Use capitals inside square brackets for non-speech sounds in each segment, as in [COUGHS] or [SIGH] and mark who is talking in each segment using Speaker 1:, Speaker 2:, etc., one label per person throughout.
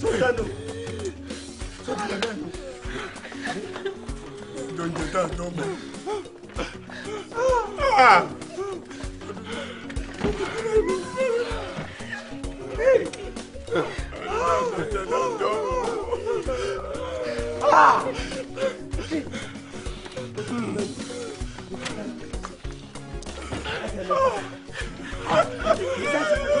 Speaker 1: sọdánù sọdánù jọjọ tá a tọ́ mọ́. Ah!
Speaker 2: Hmm.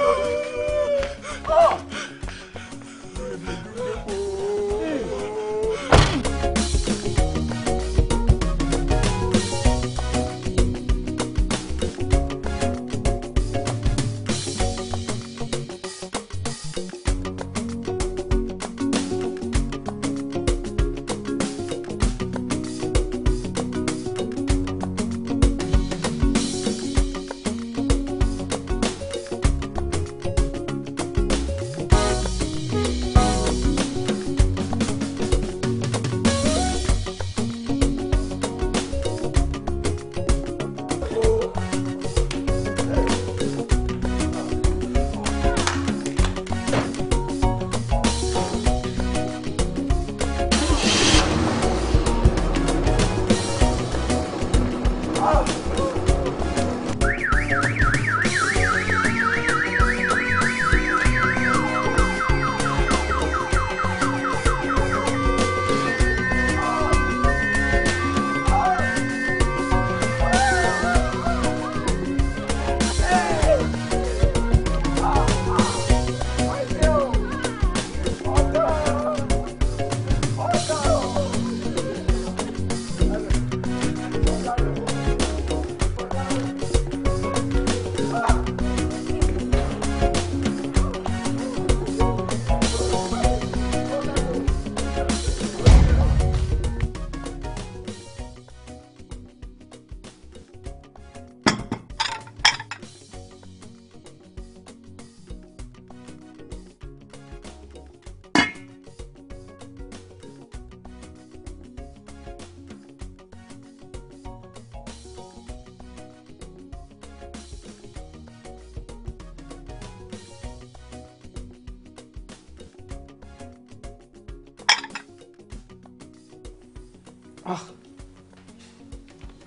Speaker 3: Ah.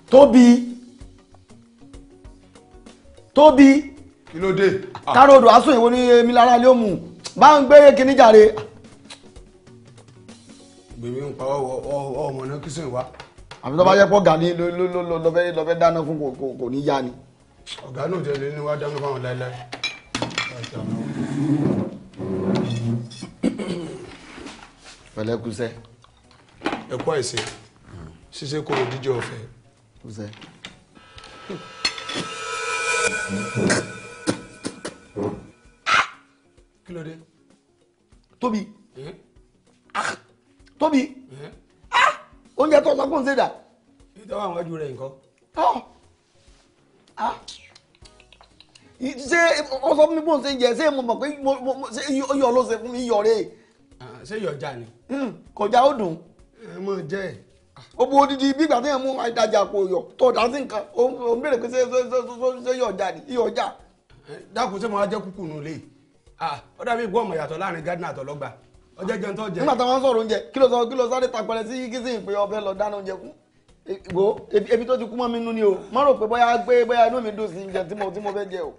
Speaker 3: Tobi, Tobi, kí ló dé ah. káróòdù aṣọ ìwo ní èmi lára ló mú bá ń gbére kíní jàre. gbèmí ń pa ọmọ náà kí wá. tó bá yẹ pọ̀ lọ́fẹ́ dáná fún kò ní yá ni. ọ̀gá náà jẹ́ lẹ́nu wá dáná fáwọn láéláé. pẹ̀lẹ́kùsẹ́. ẹ̀kọ́ ẹ̀sìn. ṣiṣẹ́ kó o díjọ ọ̀fẹ́. kí ló dé. tóbi ah! tóbi ah! oúnjẹ tó sọ fún ṣẹdá. ìtọ́wọ́ àwọn ojú rẹ̀ nǹkan. Ah! ṣé o sọ fún mi bó ń ṣe jẹ ṣé mo mọ̀ pé iyọ̀ ló ṣe fún mi iyọ̀ rẹ̀. ṣé iyọ̀ já ni. Hmm, kọjá ó dùn. ẹ mọ̀ jẹ́ ẹ̀ gbogbo odidi bí ìgbà téèyàn mú ìdájà kò yọ tó dá sí nǹkan ó ń béèrè pé ṣé yọ ọjà ni iyọ ọjà. dákun ṣé mo wá jẹ́ kúkú nù lé ọ dàbí ìgbọ́ ọmọ ìyàtọ̀ láàrin gardener àtọlọ́gba ọjọ́ jẹun tó jẹ. nígbà táwọn sọ̀rọ̀ oúnjẹ kí ló sọ kí ló sáré tapẹ̀rẹ̀ sí kìsìn ìpè ọbẹ̀ lọ dáná oúnjẹ kún. ìgbò e, ebi tó ti kú mọ́ mi nú ni o má rò pé bóyá gbé bóyá inú mi dùn sí oúnjẹ tí mo tí mo fẹ́ jẹ o.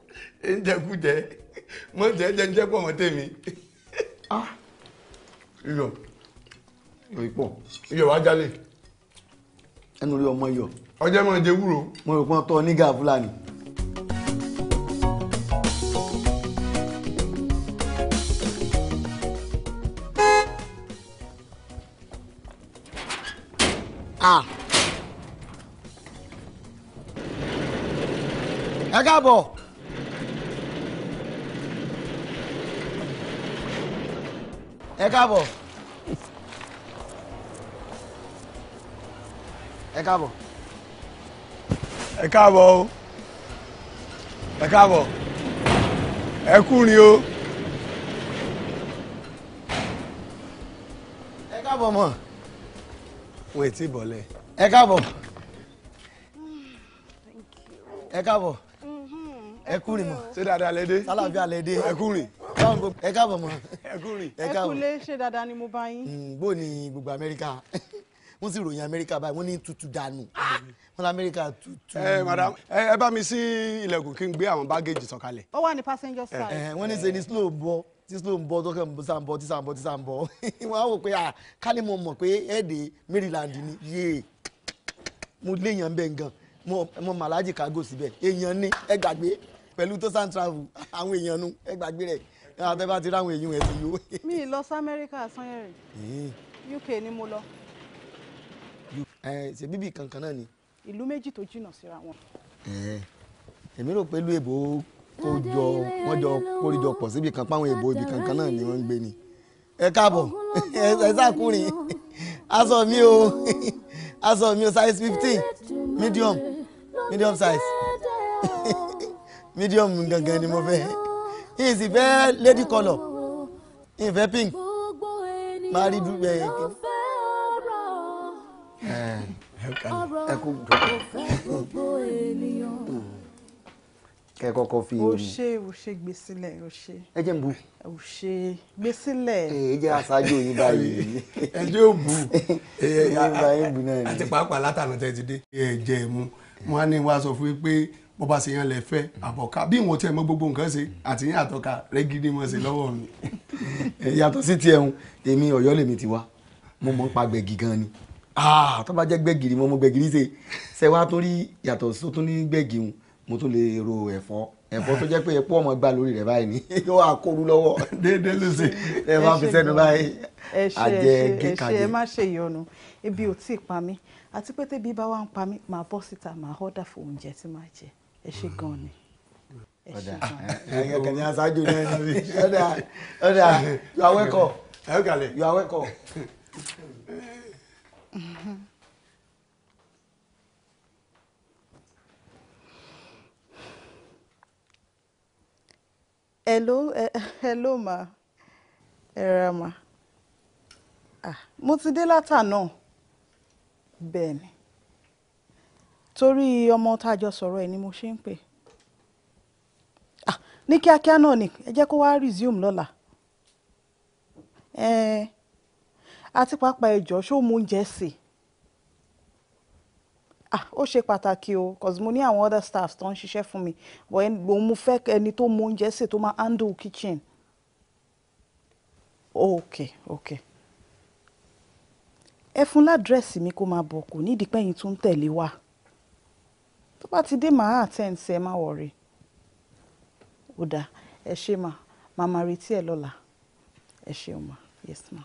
Speaker 3: oúnjẹ kú jẹ mọ jẹ jẹ jẹ pọ wọn tèmi. Ah. iyọ̀ wá jálè ẹnu rí ọmọ yọ. ọjọ́ mọ̀ jẹ́ wúro. mo rò pọ́n tọ́ nígà fúlàní. ẹ káàbọ̀. ẹ káàbọ̀. ẹ káàbọ̀. ẹ káàbọ̀ o ẹ káàbọ̀ ẹ kúrin o. ẹ káàbọ̀ mọ̀. wọn ètí bọ̀lẹ̀. ẹ káàbọ̀. ẹ káàbọ̀. Mm-hmm. ẹ kúrin mọ̀. ṣé dáadáa lẹ dé. sálàbíà lẹ dé. ẹ kúrin ẹ káàbọ̀ mọ́ ẹ kú rìn ẹ káàbọ̀ ẹ kú
Speaker 1: lé ṣe dáadáa ni mo bá yín.
Speaker 3: Mm, bó gbogbo amẹ́ríkà. [LAUGHS] wọ́n sì ròyìn amẹ́ríkà báyìí wọ́n ní tutù dànù ah. wọ́n lamẹ́ríkà tutù. ẹ eh, madam eh, ẹ bá mi sí ilẹ̀kùn kí n gbé àwọn bágéèjì sọ̀kalẹ̀.
Speaker 1: ó wà ní passenger eh, side.
Speaker 3: wọ́n ní ṣe ní slow bọ́ tí slow bọ́ tọ́kẹ́ ń bọ́ tí sàn bọ́ tí sàn bọ́ [LAUGHS] wọ́n á wò pé à ah, kálí mo mọ̀ pé ẹ̀ẹ́dẹ̀ Maryland ni yéé mo léèyàn bẹ́ẹ̀ gan mo màlájì kágò síbẹ̀ èèyàn ni ẹ gbàgbé pẹ̀lú tó sàn travel [LAUGHS] àwọn èèyàn nu ẹ gbàgbé rẹ̀ àtẹ́bá ti ráwọn èèyàn ẹ̀ sí yó.
Speaker 1: mi lọ sí Amẹ́ríkà sanyẹ̀rì UK ni mo lọ
Speaker 3: ẹ ṣe bíbí kankan náà ni.
Speaker 1: ìlú méjì tó jìnnà síra wọn.
Speaker 3: ẹ èmi rò pé ìlú èbó kó jọ wọn jọ kórìjọ pọ̀ síbi kan páwọn èbó ibi kankan náà ni wọ́n ń gbé ni. ẹ káàbọ̀ [LAUGHS] ẹ sàkúrin [LAUGHS] aṣọ mi o [LAUGHS] aṣọ mi o size fifteen medium medium size medium gangan ni mo fẹ́ yìí sì fẹ́ lady colour yìí fẹ́ pink máa rí dúpẹ́ eh, kí ni ẹ kú dùn kẹ kọ́kọ́ fi. o ṣe
Speaker 1: o ṣe gbé sílẹ̀ o ṣe. ẹ jẹ́ n bu. o ṣe
Speaker 3: gbé ẹ jẹ́ aṣáájú [LAUGHS] yín báyìí. ẹ jẹ́ ò bu. ẹ jẹ́ bu náà ni. àti pàápàá látànà tẹ́ ti dé. ẹ jẹ́ mu wọn á ní wàá sọ fún mi pé bó bá ṣe lẹ fẹ́ àbọ̀ká bí wọn tẹ mọ gbogbo nǹkan ṣe àti yín àtọ́ka rẹ́gídí mọ̀ sí lọ́wọ́ mi. yàtọ̀ sí tiẹ̀ hun èmi ọ̀yọ́ lèmi ti wá mo mọ̀ ń pa gbẹ̀gì gan ni ah tó bá jẹ́ gbẹ̀gìrì mo mọ gbẹ̀gìrì ṣe ṣe wá torí yàtọ̀ tó tún ní gbẹ̀gì hun mo tún lè ro ẹ̀fọ́ ẹ̀fọ́ tó jẹ́ pé ẹ̀pọ́ ọmọ gbà lórí rẹ̀ báyìí ni [LAUGHS] yóò wá kóru lọ́wọ́ [LAUGHS] déédéé ló ṣe ẹ bá fi sẹ́nu báyìí àjẹ kíkàjẹ. ẹ ṣe ẹ má
Speaker 1: ṣe ìyọnu ebi ò tí ì pa mí àti pé tébi bá wà ń pa mí màá bọ́ síta màá họ́dà fún oúnjẹ tí màá jẹ ẹ ṣe gan ni ẹ ṣe gan. ẹ̀yẹ kẹ̀yìn aṣáájú ní ẹni rí ọ̀dà ọ̀dà yọ awẹ́kọ̀ yọ awẹ́kọ̀ hello eh, hello ma ẹ rà ma ah, mo ti dé látànà bẹ́ẹ̀ ni torí ọmọ tá a jọ sọ̀rọ̀ ẹ̀ ni mo ṣe ń pè ah, ní kíákíá náà ni ẹ jẹ́ kó wá resume lọ́la. Eh, àti pàápàá ẹjọ́ ṣó mú oúnjẹ sè ah ó ṣe pàtàkì o cause mo ní àwọn other staffs tó ń ṣiṣẹ́ fún mi but òun mo fẹ́ ẹni tó mú oúnjẹ sè tó máa handle kitchen ok ok ẹ fún ládírẹ́sì mi kó máa bọ̀ kò nídìí pẹ́yìn tó ń tẹ̀lé wa tó bá ti dé màá attend sí ẹ má wọ̀rí ó dáa ẹ ṣe mà màá máa retí ẹ lọ́la
Speaker 4: ẹ ṣeun mà yes
Speaker 1: ma.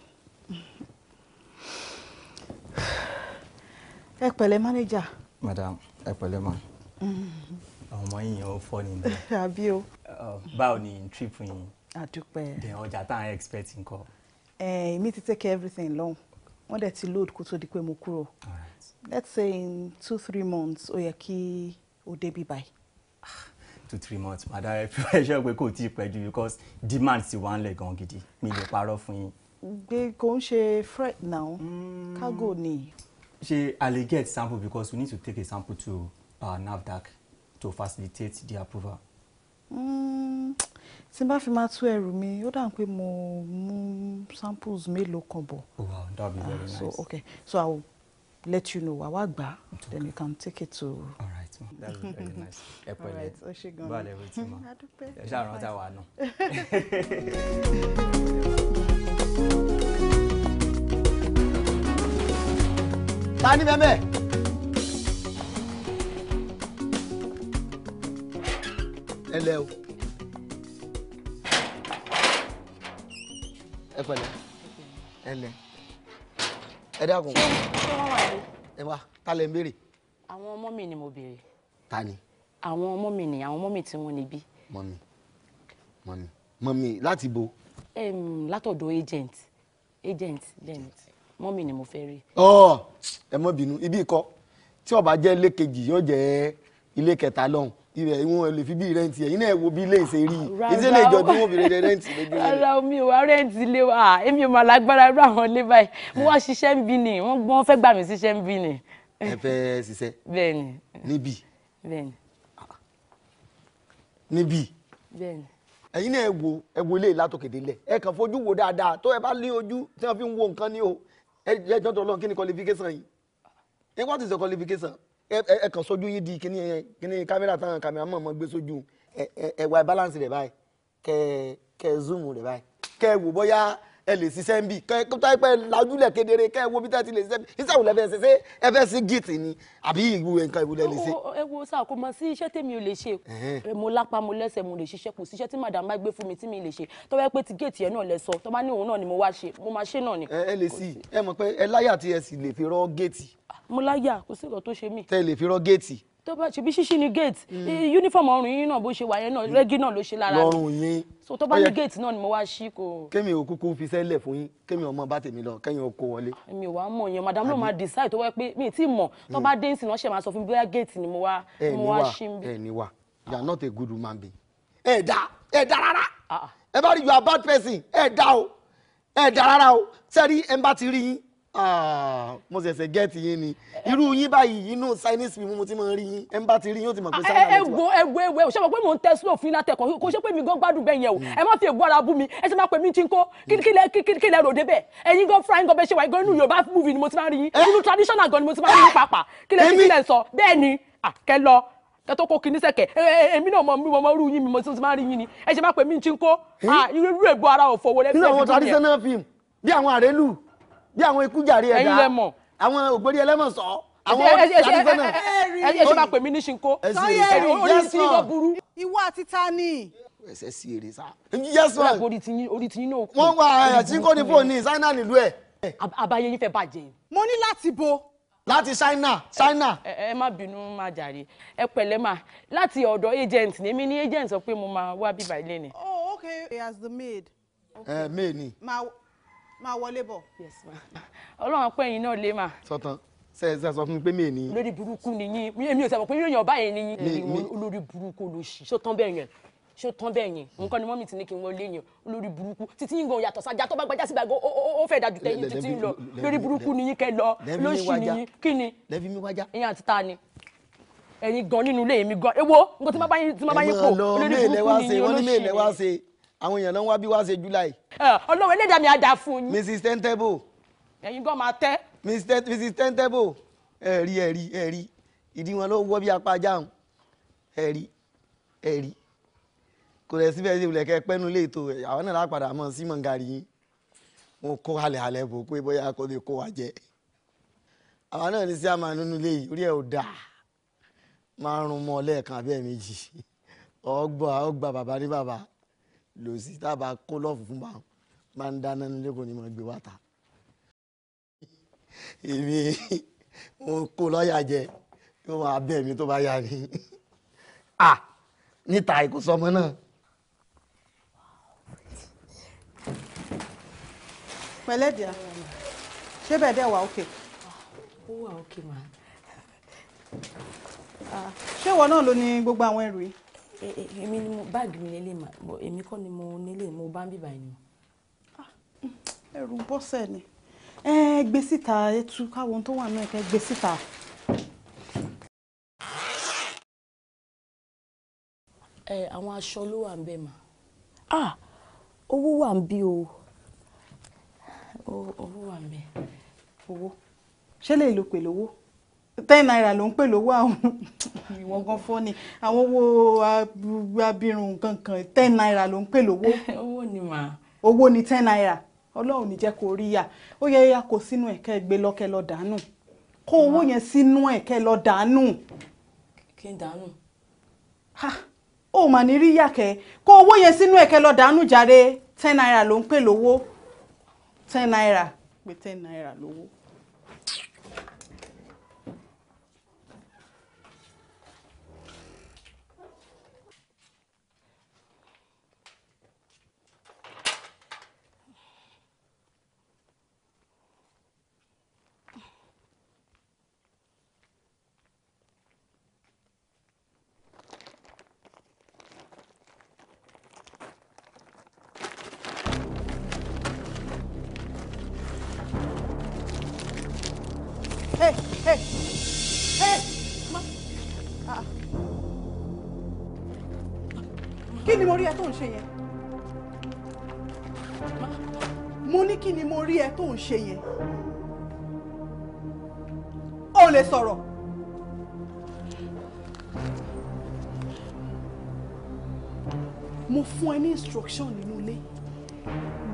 Speaker 1: ẹ pẹ̀lẹ́ mánéjà.
Speaker 4: madam ẹ pẹ̀lẹ́ ma.
Speaker 1: àwọn
Speaker 4: ọmọ yìnyín ó fọ́ ni.
Speaker 1: [LAUGHS] àbí o.
Speaker 4: báwo ni trip yín. àdúpẹ́. dẹ̀ ọjà tá à ń expect nǹkan.
Speaker 1: ẹ mi ti take everything lọ́hùn wọ́n dẹ̀ ti load kó tó di pé mo kúrò. let's say in two three months ó yẹ kí o débi
Speaker 4: báyìí. Ah, two three months madam ẹ fi ẹ ṣe pé kò tí ì pẹ́ jù because demand ti wà ń lẹ̀ gan gidi mi lè parọ́ fún yín.
Speaker 1: gbé kò ń ṣe freight now hmm. cargo
Speaker 4: ni ṣe a lè get sample because we need to take a sample to uh, NAFDAC to facilitate the approval.
Speaker 1: Hmm, tí n bá fi máa tú ẹrù mi ó dà pé mo mú samples mélòó kan bọ̀. oh
Speaker 4: wow that would be very uh, nice. so okay
Speaker 1: so i will let you know àwa gbà then you can take it to. all right
Speaker 4: ma that would be very [LAUGHS] nice. All right. pẹ̀lẹ́ bá [LAUGHS] a lè retí ma ẹ ṣàrántí àwa náà. [LAUGHS]
Speaker 3: ta ni bẹ́ẹ̀ ẹ lẹ o é? pẹ̀lẹ́ ẹ lẹ ẹ dákun ẹ wá ta lẹ ń béèrè.
Speaker 5: àwọn ọmọ mi ni mo béèrè.
Speaker 3: ta ni. àwọn
Speaker 5: ọmọ mi ni àwọn ọmọ mi tí wọ́n
Speaker 3: Mami, mọ́mì mọ́mì mọ́mì láti bo.
Speaker 5: látọ̀dọ̀ agent agent agent mọ́mì ni mo fẹ́ rí.
Speaker 3: ọ ẹ mọ bínú ibi ikọ tí ó bá jẹ́ ilé kejì yóò jẹ́ ilé kẹta lọ́hùn ibẹ̀ ìwọ̀n lè fi bí rẹ́ǹtì ẹ̀ yín náà wo bí ilé ìṣe rí ìṣe lè jọ bí wọ́n fi rẹ́ǹtì lójú rẹ̀.
Speaker 5: ara mi wá rẹ́ǹtì ilé wa ah, èmi ò mà lágbára irú àwọn ilé báyìí mo wá ṣiṣẹ́ ń bí ni wọ́n fẹ́ gbà mí ṣiṣẹ́ ń bí ni. ẹ
Speaker 3: fẹ́ ṣiṣẹ́.
Speaker 5: bẹ́ẹ̀ni. níbí.
Speaker 3: bẹ́ẹ̀ni. níbí. bẹ́ẹ̀ni ẹ̀yin náà ẹ wo ẹ wo ilé ìlàtọ̀kèdè lẹ̀ ẹ kàn fojú wo dáadáa tó ẹ bá lé ojú tí wọ́n fi ń wo nǹkan ní o ẹ jẹ́ jọ́dọ̀ ọlọ́run kí ni qualification yìí ẹ what is your qualification ẹ kàn sójú yín di kíní kíní kámẹ́rà táwọn kámẹ́rà mọ̀ mọ́ gbé sójú ẹ ẹ wá balance rẹ̀ báyìí kẹ kẹ zoom rẹ̀ báyìí kẹ wò bóyá ẹ lè ṣiṣẹ́ ń bì kọ́ tó pẹ́ lajúlẹ̀ kedere kẹ́ ẹ wo bí tẹ́ ti lè ṣiṣẹ́ iṣẹ́ òun lẹ́fẹ̀ẹ́ ṣe ṣe ẹ fẹ́ sí gíìtì ni àbí ìwú nǹkan ìwú lẹ́ lè ṣe.
Speaker 5: ẹ wo sá kò mọ sí iṣẹ́ tèmi ò lè ṣe mo lápá mo lẹ́sẹ̀ mo lè ṣiṣẹ́ kù síṣẹ́ tí màdàmá gbé fún mi tí mi lè ṣe tó bá pẹ́ ti gíìtì yẹn náà lẹ sọ tó bá ní òun náà ni mo wá ṣe mo máa ṣe ni.
Speaker 3: ẹ lè sí ẹ mọ̀ pé ẹ láyà tí ẹ sì lè fi rọ géètì. Ah, mo láyà kò sí nǹkan tó
Speaker 5: tó bá ṣe bí ṣíṣí ni gate mm. uniform ọrùn yín náà bó ṣe wà yẹn náà mm. rẹ́gí náà ló ṣe lára lọ́rùn
Speaker 3: yín so tó bá ní gate
Speaker 5: náà ni mo wá ṣí kò.
Speaker 3: kémi ò kúkú fi sẹ́lẹ̀ fún yín kémi ọmọ bá tèmi lọ kẹ́yìn ó kó wọlé.
Speaker 5: èmi ò wá mọ̀ yẹn madam ló máa decide tó wẹ́ pé mi ì tí mọ̀ tó bá mm. dé ìsìn náà ṣe máa sọ fún mi bóyá gate ni mo wá ṣí mi.
Speaker 3: ẹ ní wa you are not a good woman being. ẹ dá ẹ dá rárá ah, ah. ẹ bá rí you are bad person ẹ dá o ẹ dá rárá o sẹ́rí ẹ bá ti rí yín Ah, mo ṣẹ̀ṣẹ̀ gẹ́ẹ̀tì yín ni irú yín báyìí inú sinus mi mo ti máa rí yín ẹ ń bá ti rí yín ó ti mọ̀ pé sáyà lè wọ. ẹ
Speaker 5: wo ẹ eh, wo ẹ ṣe mọ̀ pé mò ń tẹ slow
Speaker 3: fún iná tẹkọ̀ kò ṣe pé mi gan gbádùn bẹ́ẹ̀ yẹn o hmm. ẹ má fi ègbó ara bú mi
Speaker 5: ẹ ṣe máa pè mí chinko kí lẹ ròde bẹ́ẹ̀ ẹ̀yin gan fúnra yín gan bẹ́ẹ̀ ṣe wà gan inú yorùbá movie ni mo ti máa rí yín eh? inú traditional gan ni mo ti máa rí yín pàápàá kí lẹ fi kílẹ̀ sọ bẹ́ẹ̀ ni àkẹ́ ah, lọ kẹtọ kó kinní sẹkẹ eh, èmi náà mọ mi mọ irú yín mi mo ti máa rí yín ni ẹ ṣe máa pè mí chinko ah, irú ègbó ara ò fọwọ́ lẹ́gbẹ̀ẹ́
Speaker 3: bí àwọn àrélù bí àwọn ikújàre ẹ̀dá àwọn ògbórí ẹlẹ́mọ̀ sọ
Speaker 5: àwọn ṣàdúgbò náà. ẹ ṣe máa pè mí ní ṣinko sọyẹ orí ti ló
Speaker 1: burú. ìwọ àti ta ni.
Speaker 3: ẹsẹ sí èrè sá.
Speaker 5: yes ma orí ti yín orí ti yín náà kú. wọn wá àyà tí kò ní fóònù ní ṣáínà nílùú ẹ. abayé yín fẹ́ bàjẹ́. mo ní láti bo láti ṣáínà ṣáínà. ẹ má bínú má jàre ẹ pẹ̀lẹ́ mà láti ọ̀dọ̀ agent ni èmi ní agent sọ pé mo máa wá bíbá ilé ni.
Speaker 1: oh okay as the maid.
Speaker 5: ẹ maid ni
Speaker 1: máa wọlé bọ̀. yes ma
Speaker 5: ọlọ́run pé ẹ̀yin náà lé ma.
Speaker 3: sọtàn ṣe ẹ sọ fún mi pé mi ò ní.
Speaker 5: lórí burúkú nìyí èmi ò sọ pé yóò yàn báyìí nìyí olórí burúkú ló ṣì ṣó tán bẹ́ẹ̀ yẹn ṣó tán bẹ́ẹ̀ yẹn nǹkan ni mọ́mì ti ní kí n wọlé yẹn olórí burúkú títí yín gan yàtọ̀ sájà tó bá gbajá sí gbàgbọ́ ó fẹ́ dájú tẹ́yìn títí ń lọ lórí burúkú nìyí kẹ lọ lóṣì nìyí kí ni ìyẹn àti ta ni ẹ̀yin gan nínú ilé mi gan ewo nǹkan tí má bá yín pò olórí burúkú nìyí
Speaker 3: olóṣì nìyí àwọn èèyàn náà wá bí wá ṣe july. ọlọ́run ẹlẹ́dàá mi àdá fún yín. mrs tentebo. ẹ̀yin gan máa tẹ́. mrs tentebo ẹ̀rí ẹ̀rí ẹ̀rí ìdí wọn ló wọ́ bí apá jáàmù ẹ̀rí ẹ̀rí kò rẹ̀ síbẹ̀ ṣe ìlẹ̀kẹ́ pẹ́nu lè tó àwọn náà lápadà mọ́ sí mọ̀ngàrí yín mo kó halẹ̀ halẹ̀ bò pé bóyá kò lè kó wa jẹ àwọn náà ní sí àmà nínú ilé yìí orí ẹ̀ ò dáa máa ń rún mọ́ lẹ́ẹ̀kan àbí méjì ọgbà ọgbà bàbá ní bàbá lò sí tábà kó lọ́ọ̀fù fún bá máa ń dáná nílé kò ní máa gbé wá ta èmi mo kó lọ́ọ̀yà jẹ yóò máa bẹ̀ mí tó bá yà ni à níta ìkó sọmọ náà.
Speaker 1: pẹ̀lẹ́dìá ṣé bẹ́ẹ̀ dẹ̀ wà òkè.
Speaker 5: ó wà òkè mà.
Speaker 1: ṣé ìwọ náà ló ní
Speaker 5: gbogbo àwọn ẹrù yìí. E, e, èmi ni mo báàgì mi lélẹ̀ mà èmi kọ́ ni mo nílé mo bá ń bì báyìí ni.
Speaker 1: Ah, mm, ẹrù bọ́sẹ̀ ni ẹ gbé síta etu káwọn
Speaker 6: tó wà náà kẹ gbé síta.
Speaker 5: ẹ àwọn aṣọ ló wà ń bẹ mà. ah owó wà
Speaker 1: ń bí o owó wà ń bẹ owó. ṣé lè lo pẹ̀lú owó. ten naira ló ń pè lówó àwọn ìwọ̀n gan fọ́ ni àwọn owó abirùn kankan ten naira ló ń pè lówó. [LAUGHS] owó ni mà. owó ni ten naira ọlọ́run ní jẹ́ kó rí yà ó yẹ yà kó sínú ẹ̀kẹ́ gbé lọ́kẹ́ lọ dànù kó owó yẹn sínú ẹ̀kẹ́ lọ dànù. kí n dànù. ó mà ní rí yà kẹ́ kó owó yẹn sínú ẹ̀kẹ́ lọ dànù jàre ten naira ló ń pè lówó ten naira pé ten naira lówó. tó ń ṣe yẹn mo ní kí ni mo rí ẹ tó ń ṣe yẹn ó lè sọ̀rọ̀. mo fún ẹ ní instruction nínú ilé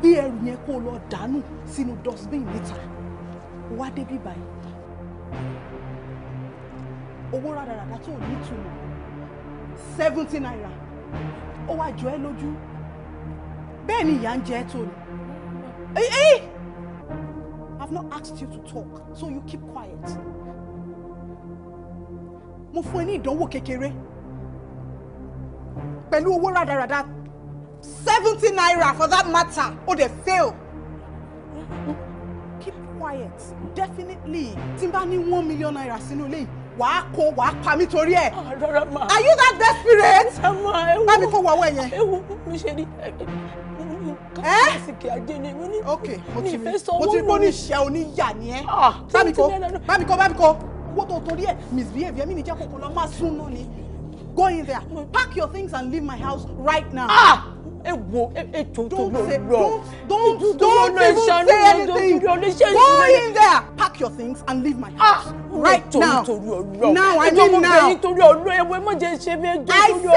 Speaker 1: bí ẹrù yẹn kó lọ dànù sínú dustbin níta wá débí báyìí owó rádaràdà tó ní ìtumọ̀ seventy naira ó wá jọ ẹ́ lójú bẹ́ẹ̀ ni ìyá ń jẹ ẹ́ tó ni. I've not asked you to talk so you keep quiet. mo fún ẹ ní ìdánwò kékeré pẹ̀lú owó rádaràda seventy naira for that matter ó dẹ̀ fail. keep quiet definitely tí n bá ní one million naira sínú ilé wàá kó wàá pa mí torí ẹ. Ah, rárá ma. are you that desperate. ẹ ma ewu bá mi kó wọ ọwọ́ yẹn. ewu mi ṣe ni kásìkì ajé ni mo ní. ok mo ti rí mo ti rí ní ìṣẹ́ oníyà ni ẹ. Ah, bá kó bá kó bá kó owó tó torí ẹ misbehave mi ní jẹ́ kókó lọ́ọ́ máa sún nù ni go in there pack your things and leave my house right now. Ah! ẹ wo ẹ tó tó lọ
Speaker 5: lọ don't don't don't say anything go in there
Speaker 1: pack your things and leave my ah! house right now now I mean now I said
Speaker 5: go in there pack your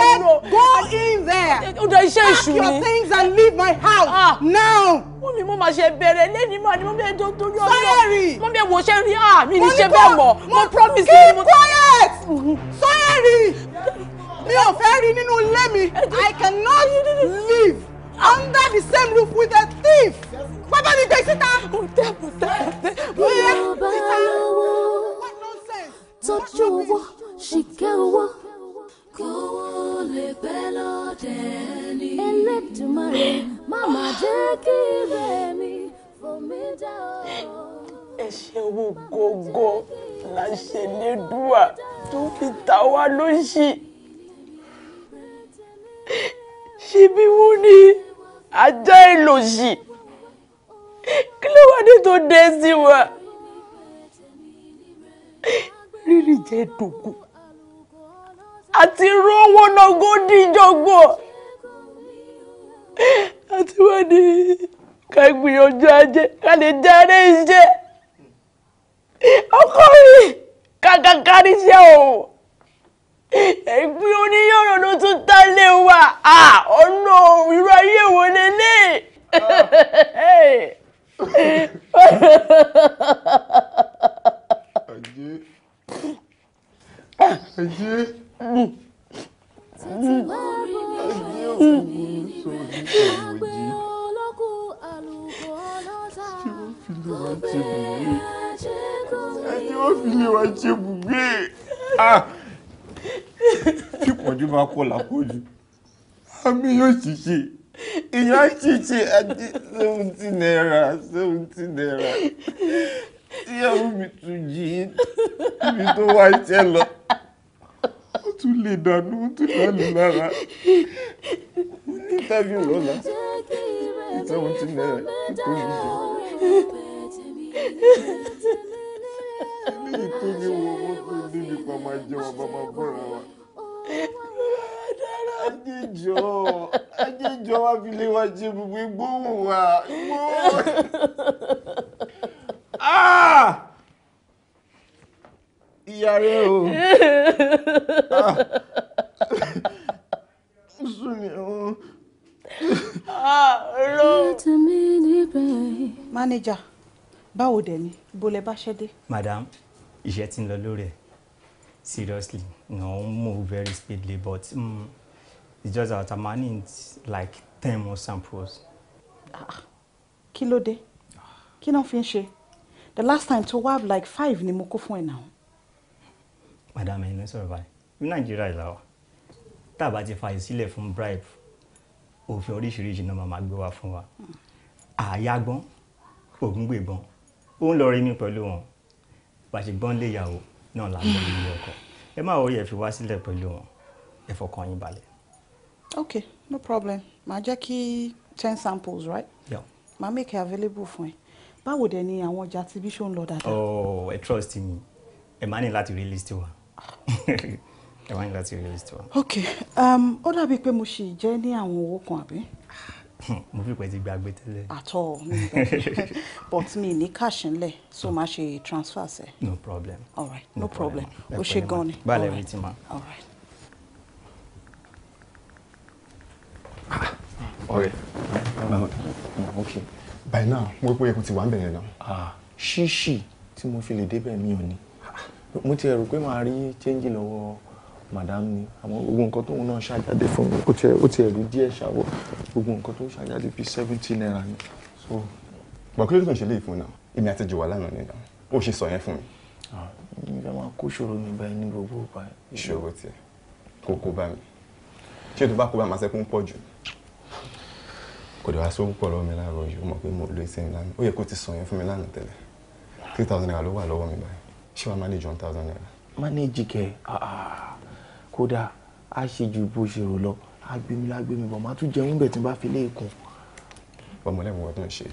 Speaker 5: things and leave my house ah!
Speaker 1: now. wọ́n mi mo
Speaker 5: máa ṣe bẹ̀rẹ̀ lẹ́ni máa ni mo bẹ̀rẹ̀ tó torí ọ̀rọ̀ sọ́yẹ̀rì mo bẹ̀rẹ̀ wò ṣe rí àmì ah, ní ṣe bẹ́ẹ̀ mọ̀ mo promise you. keep quiet
Speaker 1: mm-hmm. sọ́yẹ̀rì mi ò fẹ́ rí nínú ilé mi i cannot live under the same roof
Speaker 7: with a thief bàbá mi gbé síta. ọ̀tẹ̀ ọ̀tẹ̀ ọ̀tẹ̀ bóyá síta what nonsense. tọ́jú owó ṣìkẹ́ owó. kówó lè pẹ́ lọ́dẹ̀ ni. Elédùmarè
Speaker 8: màmá jẹ́
Speaker 7: kí rẹ̀ mi fomi dá ọ. ẹ ṣe owó
Speaker 5: gógó la ṣe lè dùn à tó fi ta wá lóṣì ṣebí wọ́n ní ajá ìlòṣì kí ló wà ní tó dé sí wa rírì jẹ́ dògò àti rówó lọ́gọ́ díjọ́gbọ́ àti wá ní ká gbìyànjú ajé ká lè jẹ́rẹ́ iṣẹ́ ọkọ mi kàkàkárí iṣẹ́ òun ẹ̀gbin oníyọ̀rọ̀ ló tún ta lé wa ọ̀nà irú ayé wo lélẹ̀.
Speaker 7: ajé ajé ajé òkú sórí ìwòjì tí ó fi lè lè wá tí
Speaker 9: pọ̀jù
Speaker 3: bá kọ́ làpọ̀jù àmì yóò ṣiṣẹ́ ìyá ṣiṣẹ́ àti seventy naira seventy naira tíyàwó mi tún jí ibi tó wá iṣẹ́ lọ ó tún lè dànù ó tún lọ lù lára ó ní ìtàbí lọ́la seventy naira tó ń jẹ eléyìí tó ní wo wọ́n tó débi pa máa jẹun ọba wa ajíjọ ajíjọ wa fi lé wa jẹ gbogbo gbóhùn wa ah! ìyá rẹ o
Speaker 1: sùn ah! mí o. Ah, manager báwo dẹ̀ ni ibo lẹ bá ṣẹ́ dé.
Speaker 4: madam iṣẹ́ ti ń lọ lórí ẹ̀ seriously no move very speedily but um, it's just that I'm managing like ten more samples.
Speaker 1: kí kilo de, kí ló the last time to have like five ni mo kó fún ẹ náà.
Speaker 4: madam ẹ̀yin ló sọ̀rọ̀ báyìí ní nàìjíríà ìlà wa tá a ti fààyè sílẹ̀ fún bribe òfin oríṣiríṣi náà máa gbé wá fún wa àyágbọ́n ògúngbègbọ́n ó ń lọ rí mi pẹ̀lú wọn bàṣẹ̀gbọ́n lè yà o náà la ń lọ nílé ẹ má wọrí ẹ fi wá sílẹ̀ pẹ̀lú wọn ẹ fọkàn yín balẹ̀.
Speaker 1: ok no problem màá jẹ́ kí ten samples right yeah. màá make it available fún ẹ báwo dẹ̀ ni àwọn ọjà tí bí ṣó ń lọ dáadáa. ọ
Speaker 4: oh, ẹ trust me ẹ máa ní láti rí list wa [LAUGHS] ẹ máa ní láti rí list wa.
Speaker 1: ok um, ó dàbíi pé mo ṣì jẹ́ ní àwọn owó kan àbí.
Speaker 4: [COUGHS] mo fi pẹ́ ti gbàgbé tẹ́lẹ̀.
Speaker 1: àtọ̀ mi [LAUGHS] but mi ní cash ńlẹ̀ so hmm. máa ṣe transfer sẹ́. no problem. all right no, problem o ṣe gan ni. balẹ̀ mi ti ma.
Speaker 4: all right. ọ̀rẹ́ ah,
Speaker 3: okay by now mo rí pé ẹkùn ti wà ń bẹ̀rẹ̀ náà ah. ṣíṣì tí mo fi lè débẹ̀ mi ò ní mo ti rò pé màá rí chẹ́ńjì lọ́wọ́ madam ni àmọ́ gbogbo nǹkan tóun náà ṣàjáde fún mi ó ti ẹ̀rú díẹ̀ ṣàwọ̀ gbogbo nǹkan tó ṣàjáde bíi seventy naira ni. so gbọ̀n kí ló ń ṣe léyìí fún náà èmi àti jùwà lánàá nìyà ó ṣe sọ yẹn fún mi. Ah, mi fẹ́ máa kó ìṣòro mi báyìí ní gbogbo ìgbà. ìṣòro tiẹ̀ kó kó bá mi ṣé tó bá kó bá mi kó ń pọ̀ jù kò dé wá sóhun pọ̀ lọ́wọ́ mi láàárọ̀ yìí ó mọ̀ pé mo lo ìsinmi lánàá ó yẹ kó ti sọ yẹn fún mi lánàá tẹ́lẹ̀ three thousand naira ló wà lọ́wọ́ mi báyìí ṣé wàá manage one thousand naira. manage kẹ ah, ah kódà á ṣe ju bó ṣe rò lọ a gbé mi lágbé mi bọ̀ má tún jẹun bẹ̀ tí n bá fi léèkùn. ọmọlẹ́wọ̀n ọdún ṣe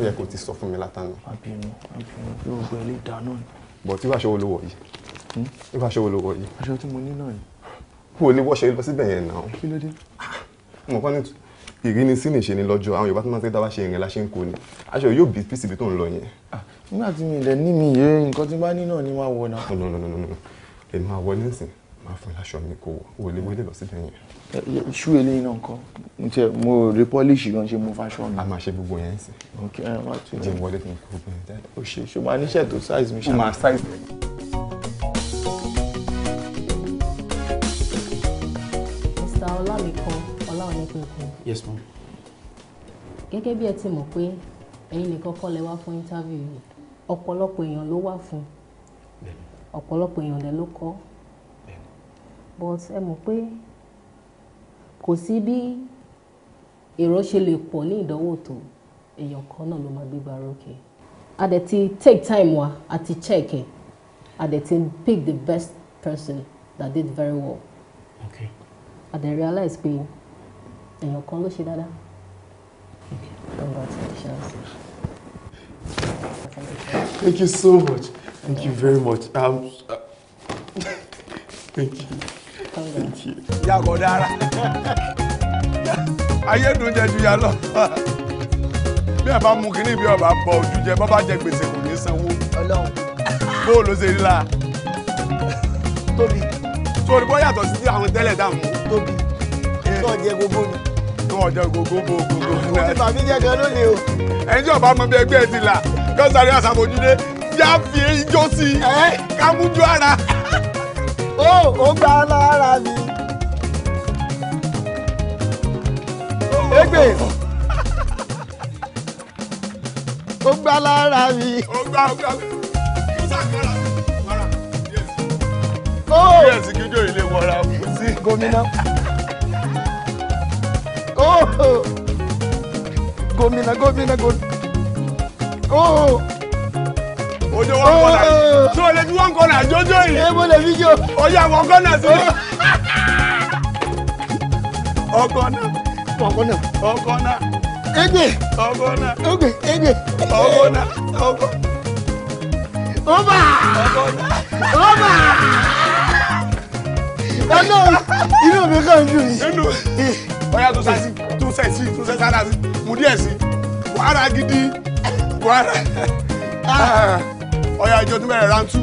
Speaker 3: ó yẹ kó ti sọ fún mi látànà. àbínú àbínú pé o gbẹ ilé ìdáná ni. bọ̀ tí wàá ṣe olówó yìí hmm? tí wàá ṣe olówó yìí. aṣọ tí mo ní náà ni. wo ni wọ́ṣọ lọ síbẹ̀ yẹn náà. kí ló dé. mo kọ́ ni ìrìnnì sí nìṣe ni lọ́jọ́ àwọn Yorùbá tó máa ń ṣe dábàá ṣe ìrìn la ń kó ni aṣọ yóò bí pcb tó ń lọ yẹn. Ah, nígbà tí mi ilẹ̀ ní mi yé nǹkan tí bá ní náà ni máa wọ̀ náà. èmi máa wọ nísìnyí máa fún láṣọ mi kò wọlé wọlé lọ síbẹ̀ yẹn. ṣú eléyìí náà kọ́ mo rí pọ́líṣì gan ṣe mo fáṣọ mi. a máa ṣe gbogbo yẹn sí. ok ẹ wá tó yẹn. jẹ́ wọlé tó ń kó gbogbo yẹn dáadáa. o ṣe ṣo máa níṣẹ́ tó size mi ṣáà. o máa size mi.
Speaker 6: Mr. Ọlámìkan Ọláwọlẹ́pẹ̀kun. yes ma'am. gẹ́gẹ́ bí ẹ ti mọ̀ pé ẹ̀yin nìkan kọ́ lẹ wá fún interview yìí ọ̀pọ̀lọpọ̀ èèyàn ló wá fún ọ̀pọ̀lọpọ̀ èèyàn lẹ ló kọ́ but ẹ mọ̀ pé kò sí bí èrò ṣe lè pọ̀ ní ìdánwò tó èèyàn kan náà ló máa gbégbá rókè a dẹ̀ ti take time wa a ti check ẹ̀ a dẹ̀ ti pick the best person that did very well okay. a dẹ̀ realize pé èèyàn kan ló ṣe dáadáa. Congratulations.
Speaker 3: Thank you so much. Thank you very much. Um, uh, [LAUGHS] thank you yàgò dára ayédùnjẹ ju yà lọ bí ẹ bá mú kínní bí ọba bọ ojú jẹ bọba jẹ gbèsè kò ní sanwó bó ló ṣe rí la tóbi torí bọ́ yàtọ̀ sí àwọn tẹ́lẹ̀ dààmú tóbi tó jẹ gbogbo ni tó ọjọ gbogbo gbogbo ni. òtí bàbí jẹ gan lónìí o. ẹni tí ọba mọ bí ẹgbẹ́ ti là yọ sáré àṣàbòjúdé yá fi ijó sí i ká ju ara. Oh, ó gbà lára mi. Egbe ó gbà lára mi. Ó gbà ó gbà kí ó sàkárà wàrà díẹ̀ sí. Díẹ̀ sí kí ojú ìlé wọra kò Oh. Gómìnà. Gómìnà gómìnà gómìnà ojú wọn kọ́nà tí o lè fi wọn kọ́nà jójó yìí. ẹ mo lè fi jó. o yà wọn kọ́nà sí. ọkọ̀nà. ọkọ̀nà. ọkọ̀nà. egbe. ọkọ̀nà. egbe egbe. ọkọ̀nà. ọkọ̀. ọba.
Speaker 2: ọkọ̀nà. ọba.
Speaker 3: ọlọ́run inú mi kàn ń dùn yìí. inú ọ̀yà tó sẹ́sì tó sẹ́sì tó sẹ́sì sára sí mu díẹ̀ sí wàhálà gidi wàhálà. Ah. Ah ọ̀yà ìjọ tún bẹ̀rẹ̀ round two.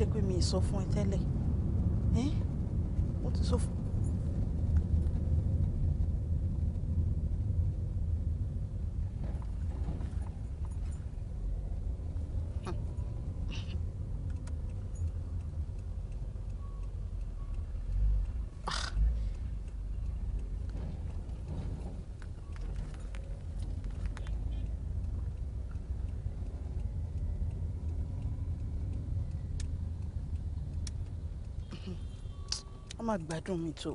Speaker 1: ṣe pé mi ì sọ fún ẹ tẹ́lẹ̀ mo ti sọ fún má gbádùn mi tó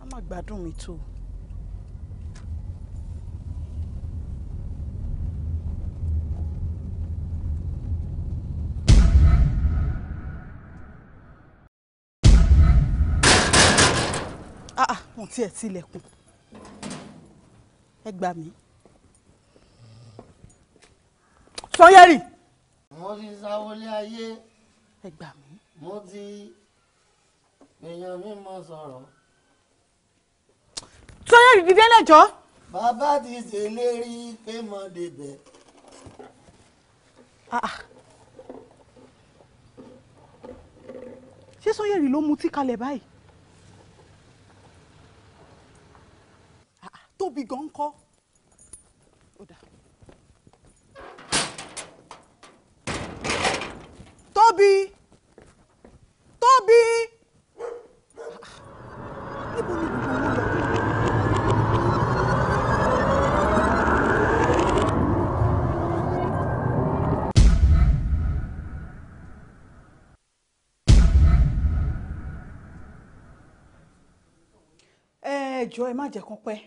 Speaker 1: a má gbádùn mi tó. wọn ah, tiẹ̀ tilẹ̀kùn ẹ gbà mí. Sanyẹ́rì.
Speaker 3: mo ti sáwọlé ayé. ẹ gbà mí. mo ti èèyàn mi mọ sọ̀rọ̀. sọyẹ́ bìbí bẹ́ẹ̀ lẹ́jọ́. bàbá ti ṣèlérí pé mo débẹ̀.
Speaker 1: Ah, ah. ṣé sọyẹ́rì ló mutí kalẹ̀ báyìí. Ah, tóbi gan kọ́. tóbi tóbi níbo ni gbogbo owó lọ. ẹ jọ̀ọ́ ẹ má jẹ́ kán pẹ́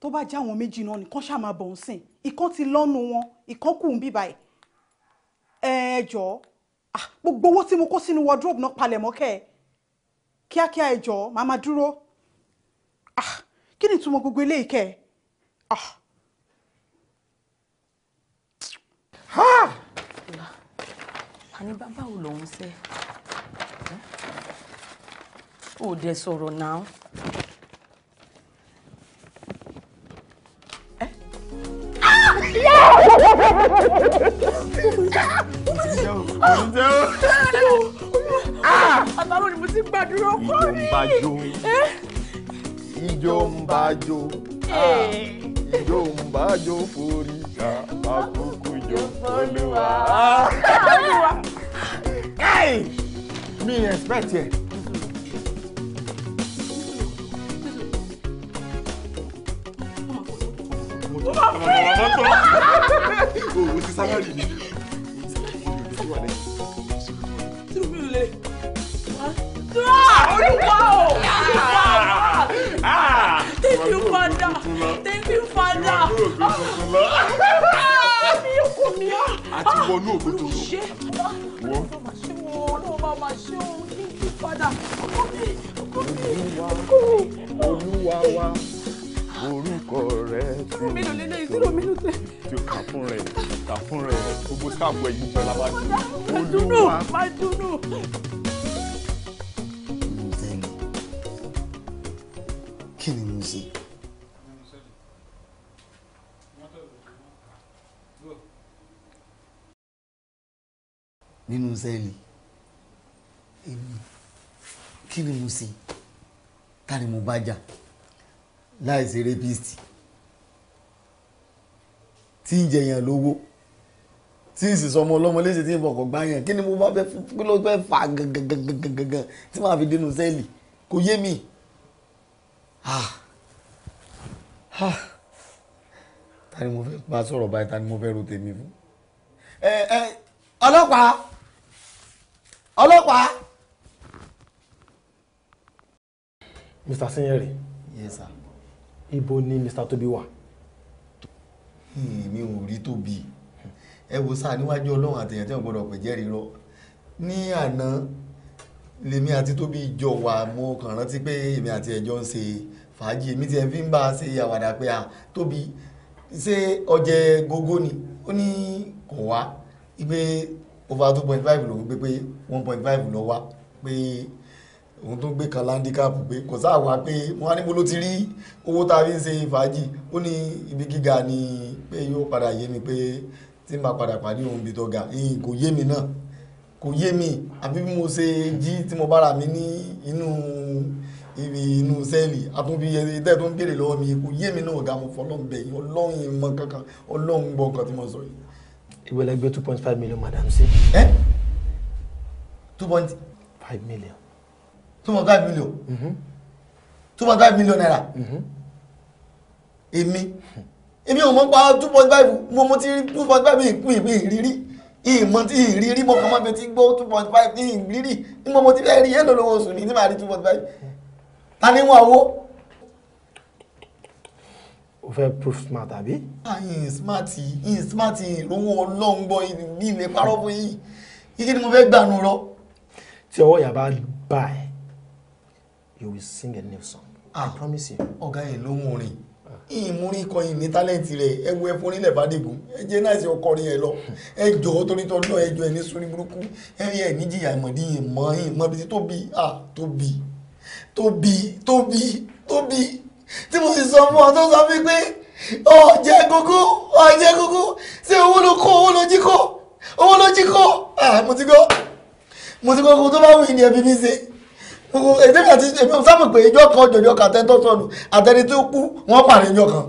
Speaker 1: tó bá já àwọn méjì náà nìkan ṣáà máa bọ̀ ń sìn ìkan ti lọ́nu wọn ìkan kù ń bíbá ẹ jọ̀ọ́ ah, gbogbo owó tí mo kó sínú wardrobe náà palẹ̀ mọ́kẹ́ kíákíá ẹ jọ̀ọ́ màá máa dúró ah kí ni ìtumọ̀ gbogbo eléyìí kẹ́ ẹ ah. ah! àní bàbá wo lòun ṣe
Speaker 5: ò hm? dẹ̀ sọ̀rọ̀ náà.
Speaker 3: Àtàlọ́ ni mo ti gbàdúrà kọ́ rí. Ìjọba jó ìjó ń bá jó ìjó ah, ń bá jó forí ká àkókò jó olúwa. káì mi expect yẹ. owó sísá lórí mi. àti wọnú òkòtò lọ.
Speaker 5: wọ́n. ọlọ́run máa ma ṣe o ní ìpadà ọkọ mi
Speaker 3: ọkọ mi ọkọ mi. olúwa wa orúkọ rẹ ti sọ mélòó lélẹ́yìí sílò mélòó tẹ. tí o kà fún rẹ kà fún rẹ gbogbo sáàbù ẹ yìí jọ lábàdàn. olúwa máa dùn Mọ́sẹ́lì èmi kí ni mo ṣe ta ni mo bá jà láì ṣe rẹ́pìstì tí ń jẹyàn lówó tí ń sì sọmọ ọlọ́mọ léṣe tí ń fọkàn gbá yàn kí ni mo bá fẹ́ kí ló fẹ́ fà gangan tí màá fi dénú sẹ́ẹ̀lì kò yé mi. Ah. Ah ta ni mo fẹ́ bá sọ̀rọ̀ báyìí ta ni mo fẹ́ ro tèmi fún. ẹ ọlọ́pàá ọlọ́pàá. mr sinyere. yes sir. ibo ni mr tobi wà. mi ò rí tobi ẹ wo sáà níwájú ọlọ́run àtẹ̀yàn tí wọ́n gbọ́dọ̀ pẹ̀ jẹ́rìí rọ ní àná lèmi àti tobi jọ wà mo kàn rántí pé èmi àti ẹ̀jọ́ ń ṣe fàájì èmi ti ẹ̀ fi ń bá a ṣe àwàdà pé à tobi ṣé ọjẹ gógó ni ó ní kò wá ìgbé over two point five lòún gbé pé one point five lọ wá pé òun tó gbé kan láńdíkàpù pé kò sáàwá pé wọ́n á ní mo ti rí owó tá a fi ń ṣe fàájì ó ní ibi gíga ni pé yóò padà yé mi pé tí n bá padà pàdé òun bí tó ga ìyìn kò yé mi náà kò yé mi àbí bí mo ṣe jí tí mo bára mi ní inú ibi inú sẹ́ẹ̀lì àtúnbí ẹ̀dẹ́ tó ń béèrè lọ́wọ́ mi kò yé mi náà ọ̀gá mo fọ́ ọlọ́run bẹ̀yìn ọlọ́run ìmọ̀ kankan ọlọ́run gbọ́ nǹkan tí mo sọ yìí ìwé lẹ́gbẹ́ two point five million madam sí. ẹ eh? two point five million. two point five million. Mm-hmm. two point five million naira. Mm-hmm. èmi èmi ò mọ̀ pa two point five mo mo ti two point five ìpín ìpín ìrírí ìmọ̀ tí ìrírí mo kàn máa fi ti gbó two point five ní ìrírí ìmọ̀ mo ti fẹ́ rí ẹ̀ lọ́wọ́ oṣù ní tí màá rí two point five ta ni wọn owó o fẹ́ proof smart àbí. ayin ah, smart yin smart yin lówó ọlọ́run gbọ́ ní ilé parọ́ fún yín kíkí ni mo fẹ́ gbà nù rọ. tí ọwọ́ yà bá bá ẹ you will sing a new song. I ah, promise you. ọ̀gá yẹn ló ń orin ìmúrí kọyìn ní tálẹ́ǹtì rẹ̀ ẹ wo ẹfun nílẹ̀ bàdìgún ẹ jẹ́ náà ṣe ọkọrin ẹ lọ ẹ jọ torí tọ́jú ẹ jọ ẹ ní sunni burúkú ẹ rí ẹ níjìyà ìmọ̀dí ìmọ̀ ìmọ̀ bíi tóbi ah tóbi tóbi tóbi tóbi tí mo sì sọ fún ọ tó sọ fún mi pé ọ̀jẹ̀ gógó ọ̀jẹ̀ gógó ṣé owó ló kó owó ló jí kó owó ló jí kó ah, mo ti gbọ́ mo ti gbọ́ kó tó bá wù ní ẹbí mi ṣe èdè mi àti èmi ò sábà pé ìjọ kan jọjọ kan àtẹni tó sọnù àtẹni tó kú wọn pààrọ̀ ìjọ kan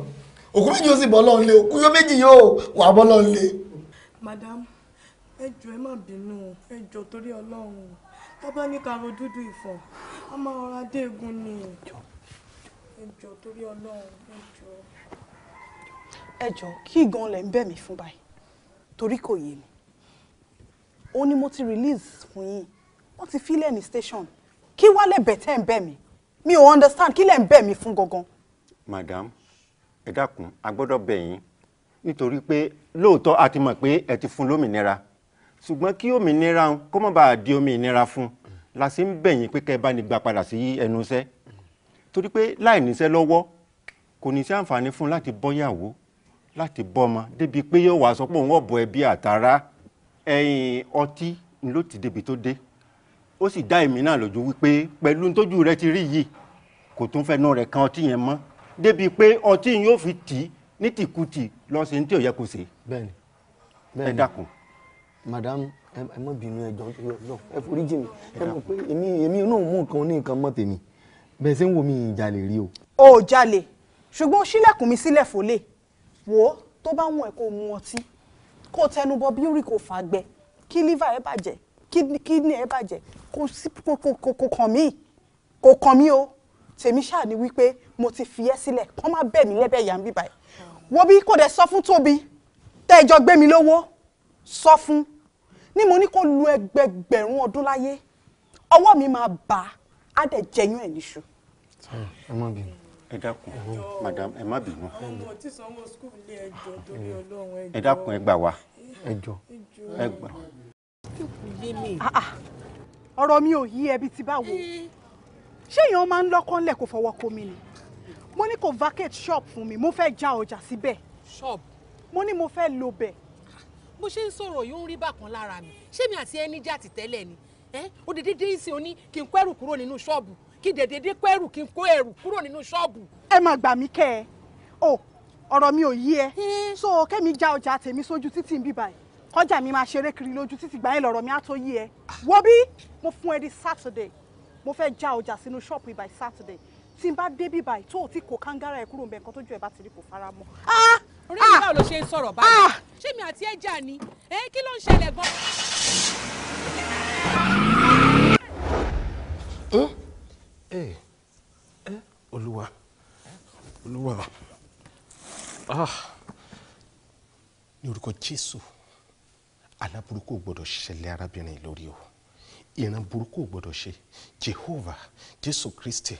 Speaker 3: òkú méjì yóò sì bọ́ lọ́n lé òkú yóò méjì yóò wà bọ́ lọ́n lé.
Speaker 1: madam ẹ jọ̀ọ́ ẹ má bínú ẹ jọ̀ọ́ torí Ọlọ́run tá bá ní ká ro dúdú ìfọ̀ a máa rọra dé egun ni ẹ torí Ọlọ́run ẹ jọ̀ọ́. kí gan lẹ ń bẹ̀ mí fún báyìí torí kò yé mi ó ní mo ti release fún yín wọ́n ti fílẹ̀ ní station kí wá lẹ́bẹ̀ tẹ́ ń bẹ̀ mí mi ò understand kí lẹ́ ń bẹ̀ mí fún gangan.
Speaker 3: madam ẹ dákun a gbọ́dọ̀ bẹ̀ yín nítorí pé lóòótọ́ a ti mọ̀ pé ẹ ti fún lómìnira ṣùgbọ́n kí òmìnira kó má bàa di òmìnira fún la ṣe ń bẹ̀ yín pé kẹ́ ẹ bá ní gbà padà sí ẹnu iṣẹ́ torí pé láì níṣẹ́ lọ́wọ́ kò ní sí àǹfààní fún láti bọ́yàwó láti bọ́mọ débi pé yóò wá sọ pé òun ọ̀bọ ẹbí àtàrà ẹ̀yìn ọtí ló ti débi tó dé ó sì dá èmi náà lójú wípé pẹ̀lú tójú rẹ ti rí yìí kò tún fẹnu rẹ̀ kan ọtí yẹn mọ́ débi pé ọtí yóò fi tì í ní tìkùtì lọ sí ní tí ò yẹ kó ṣe. bẹ́ẹ̀ni bẹ́ẹ̀ni ẹ dákun. madam ẹ mọ bínú ẹ jọ ẹ foríjì mi ẹ mọ pé èmi èmi
Speaker 1: náà mú nǹkan ní nǹkan mọ tèmi bẹ́ẹ̀ ṣe ń wo mi ìjàlè rí o. o ò jalè ṣùgbọ́n ṣílẹ̀kùn mi sílẹ̀ fòlè wò ó tó bá wọn ẹ̀ kó mu ọtí kó tẹnubọ bí orí kò fà gbẹ kí lífà ẹ bàjẹ́ kídìní ẹ bàjẹ́ kò sí kò kàn mí kò kàn mí o tèmi ṣáà ni wípé mo ti fi ẹ́ sílẹ̀ kó má bẹ̀ mí lẹ́bẹ̀ẹ́ yà ń bíbá ẹ̀ wo bí kò dẹ̀ sọ fún tóbi tẹ́ ẹ jọ gbé mi lówó sọ fún ni mo ní kó lu ẹgbẹgbẹ̀rún ọdún láyé ọwọ́ mi máa bà á dẹ̀ jẹyún ẹ̀ níṣu.
Speaker 3: ẹ má bínú. ẹ dákun madam ẹ má bínú. àwọn ọmọ tí sanwó skul lé ẹjọ́ torí Ọlọ́run ẹjọ́. ẹ dákun ẹ gbà wá. ẹjọ́ ẹ gbà.
Speaker 1: Ah, ah. ọ̀rọ̀ mi ò yí ẹbí tí bá wò eh. ṣé èèyàn máa ń lọ́kàn lẹ̀ kó fọwọ́ kó mi ni mo ní kó vacate shop fún mi mo fẹ́ já ọjà síbẹ̀. shop. mo ní mo fẹ́ lo bẹ̀. bó ah, ṣe ń
Speaker 5: sọ̀rọ̀ yóò ń rí bákan lára mi ṣé mi àti ẹni jà tìtẹ́lẹ̀ ni ẹ eh? ó dédé dé ìsìn oní kí n kó ẹrù kúrò nínú ṣọ́ọ̀bù kí dédé dé kó ẹrù kí n kó ẹrù kúrò nínú ṣọ́ọ̀bù.
Speaker 1: ẹ máa gbà mí kẹ́ ẹ o ọ̀rọ̀ mi ò yí ẹ eh. so kẹ́mi já ọjà tèmi sójú títì ń bí báyìí kọjá mi máa ṣeré kiri lójú títì gbà yín lọ̀rọ̀ mi á tó yí ẹ wo bí mo fún ẹ di Saturday mo fẹ́ já ọjà sínú ṣọ́ọ̀bù ibà Saturday tí n bá dé bí báyìí o ti kò kángárà ẹ kúrò ń bẹ nǹkan tójú fara mọ́. Ah! Ah!
Speaker 5: orí mi báwo ló ṣe ń sọ̀rọ̀ báyìí ah! ṣé mi àti ẹ jà ni eh, kí ló ń ṣẹlẹ̀ gan-an
Speaker 9: ẹ ẹ olúwa olúwa ah ní orúkọ jésù àlá burúkú ò gbọdọ̀ ṣẹlẹ̀ arábìnrin lórí o ìran burúkú ò gbọdọ̀ ṣe jehovah jésù kristi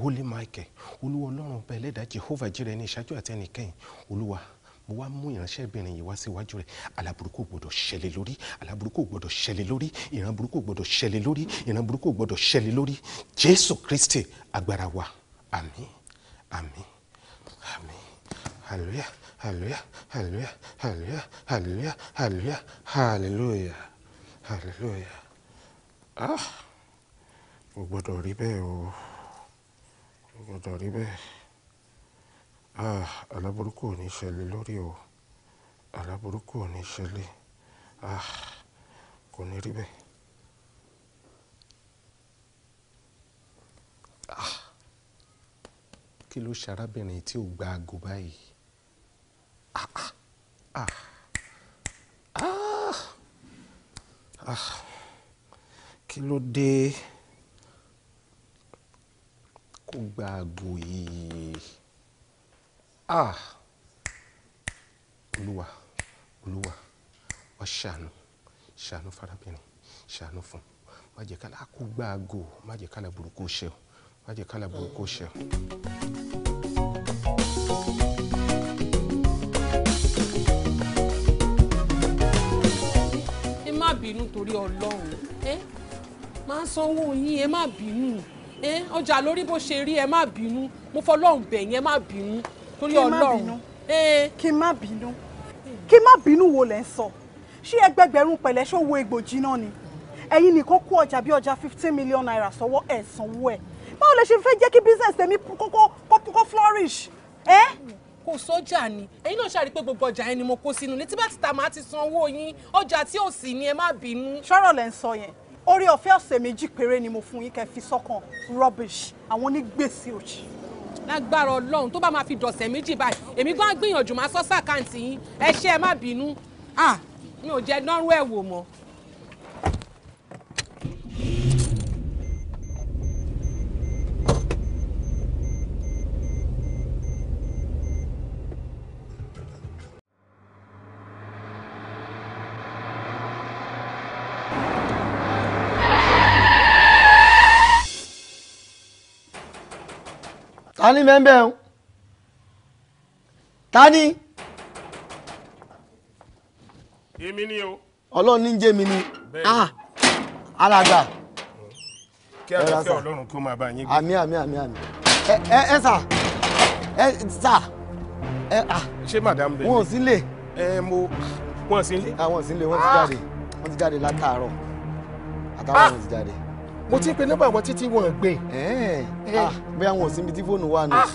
Speaker 9: holy michael olúwa ọlọ́run ọba ẹlẹ́dàá jehovah jírẹ́ ní ìṣáájú àti ẹnìkẹ́yìn olúwa mo wá mú ìránṣẹ́bìnrin yìí wá sí rẹ̀ aláburúkú gbọ́dọ̀ ṣẹlẹ̀ lórí aláburúkú gbọ́dọ̀ ṣẹlẹ̀ lórí ìran burúkú ṣẹlẹ̀ lórí ìran burúkú ṣẹlẹ̀ lórí jésù kristi agbára wa àmín àmín àmín hallelujah hallelujah hallelujah hallelujah hallelujah hallelujah hallelujah hallelujah ah mo gbọ́dọ̀ rí bẹ́ẹ̀ o mo gbọ́dọ̀ rí bẹ́ẹ̀. Ah! Àlá burúkú ò ní ṣẹlẹ̀ lórí o. Àlá ò ní ṣẹlẹ̀. Ah! Kò ní rí bẹ́ẹ̀. Ah! Kí ló ṣe arábìnrin tí ò gba ago báyìí? Ah! Ah! Ah! Ah! Ah! Kí ló dé? Kò gba ago yìí ah olúwa olúwa wá ṣàánú ṣàánú farabìnrin ṣàánú fún má jẹ́ kálá kú gbáàgò má jẹ́ kálá burúkú ṣe o má jẹ́ kálá burúkú ṣe o.
Speaker 8: ẹ má bínú torí ọlọ́run ẹ máa sanwó yín ẹ má bínú ọjà lórí bó ṣe rí ẹ má bínú mo fọlọ́run bẹ̀ yín ẹ má bínú
Speaker 1: torí Ọlọ́run kí n má bínú kí n má bínú wo lẹ ń sọ ṣé ẹgbẹgbẹ̀rún pẹ̀lẹ́ ṣòwò egbòji náà ni ẹ̀yin nìkan kó ọjà bí ọjà fifteen million naira sọ́wọ́ ẹ sanwó ẹ báwo lẹ ṣe fẹ́ jẹ́ kí business tèmi kókó kókó flourish ẹ. kò sọ́jà ni ẹ̀yin náà ṣàrí pé gbogbo ọjà yẹn ni mo kó sínú létí bá ti tà máa ti san owó yín ọjà tí ò sì ni ẹ má bínú. sọ̀rọ̀ lẹ ń sọ yẹn orí ọ̀fẹ́ ọ̀sẹ̀ méjì péré ni mo fún yín kẹ́ fi sọ́kàn rubbish àwọn onígbèsè òjì lágbára ọlọ́run tó bá máa fi dọ̀sẹ̀ méjì báyìí èmi gan gbìyànjú máa sọ sákàǹtì yín ẹ ṣe ẹ má bínú ah mi ò
Speaker 5: jẹ́ nọ́rú ẹ̀ wò mọ́.
Speaker 3: a ní mẹ́ńbẹ́ o ta ni. èmi ni o. ọlọ́run ní jẹ́ mi ni ah, alàgbà. kí a lọ fẹ́ ọlọ́run kó máa bá yín gbé. àmì àmì àmì àmì ẹ ẹ sà ẹ sà ẹ à. Ah. ṣé madam bẹ̀rẹ̀ wọn ò sí lè. ẹ mo wọn ò sí lè. àwọn ah, ò sí lè wọn ti jáde wọn ti jáde látàárọ̀ àtàwọn ti jáde mo ti ń pe nọ́mbà wọn títí wọn gbé. Ah, bóyá wọn ò síbi tí fóònù wà nù ah.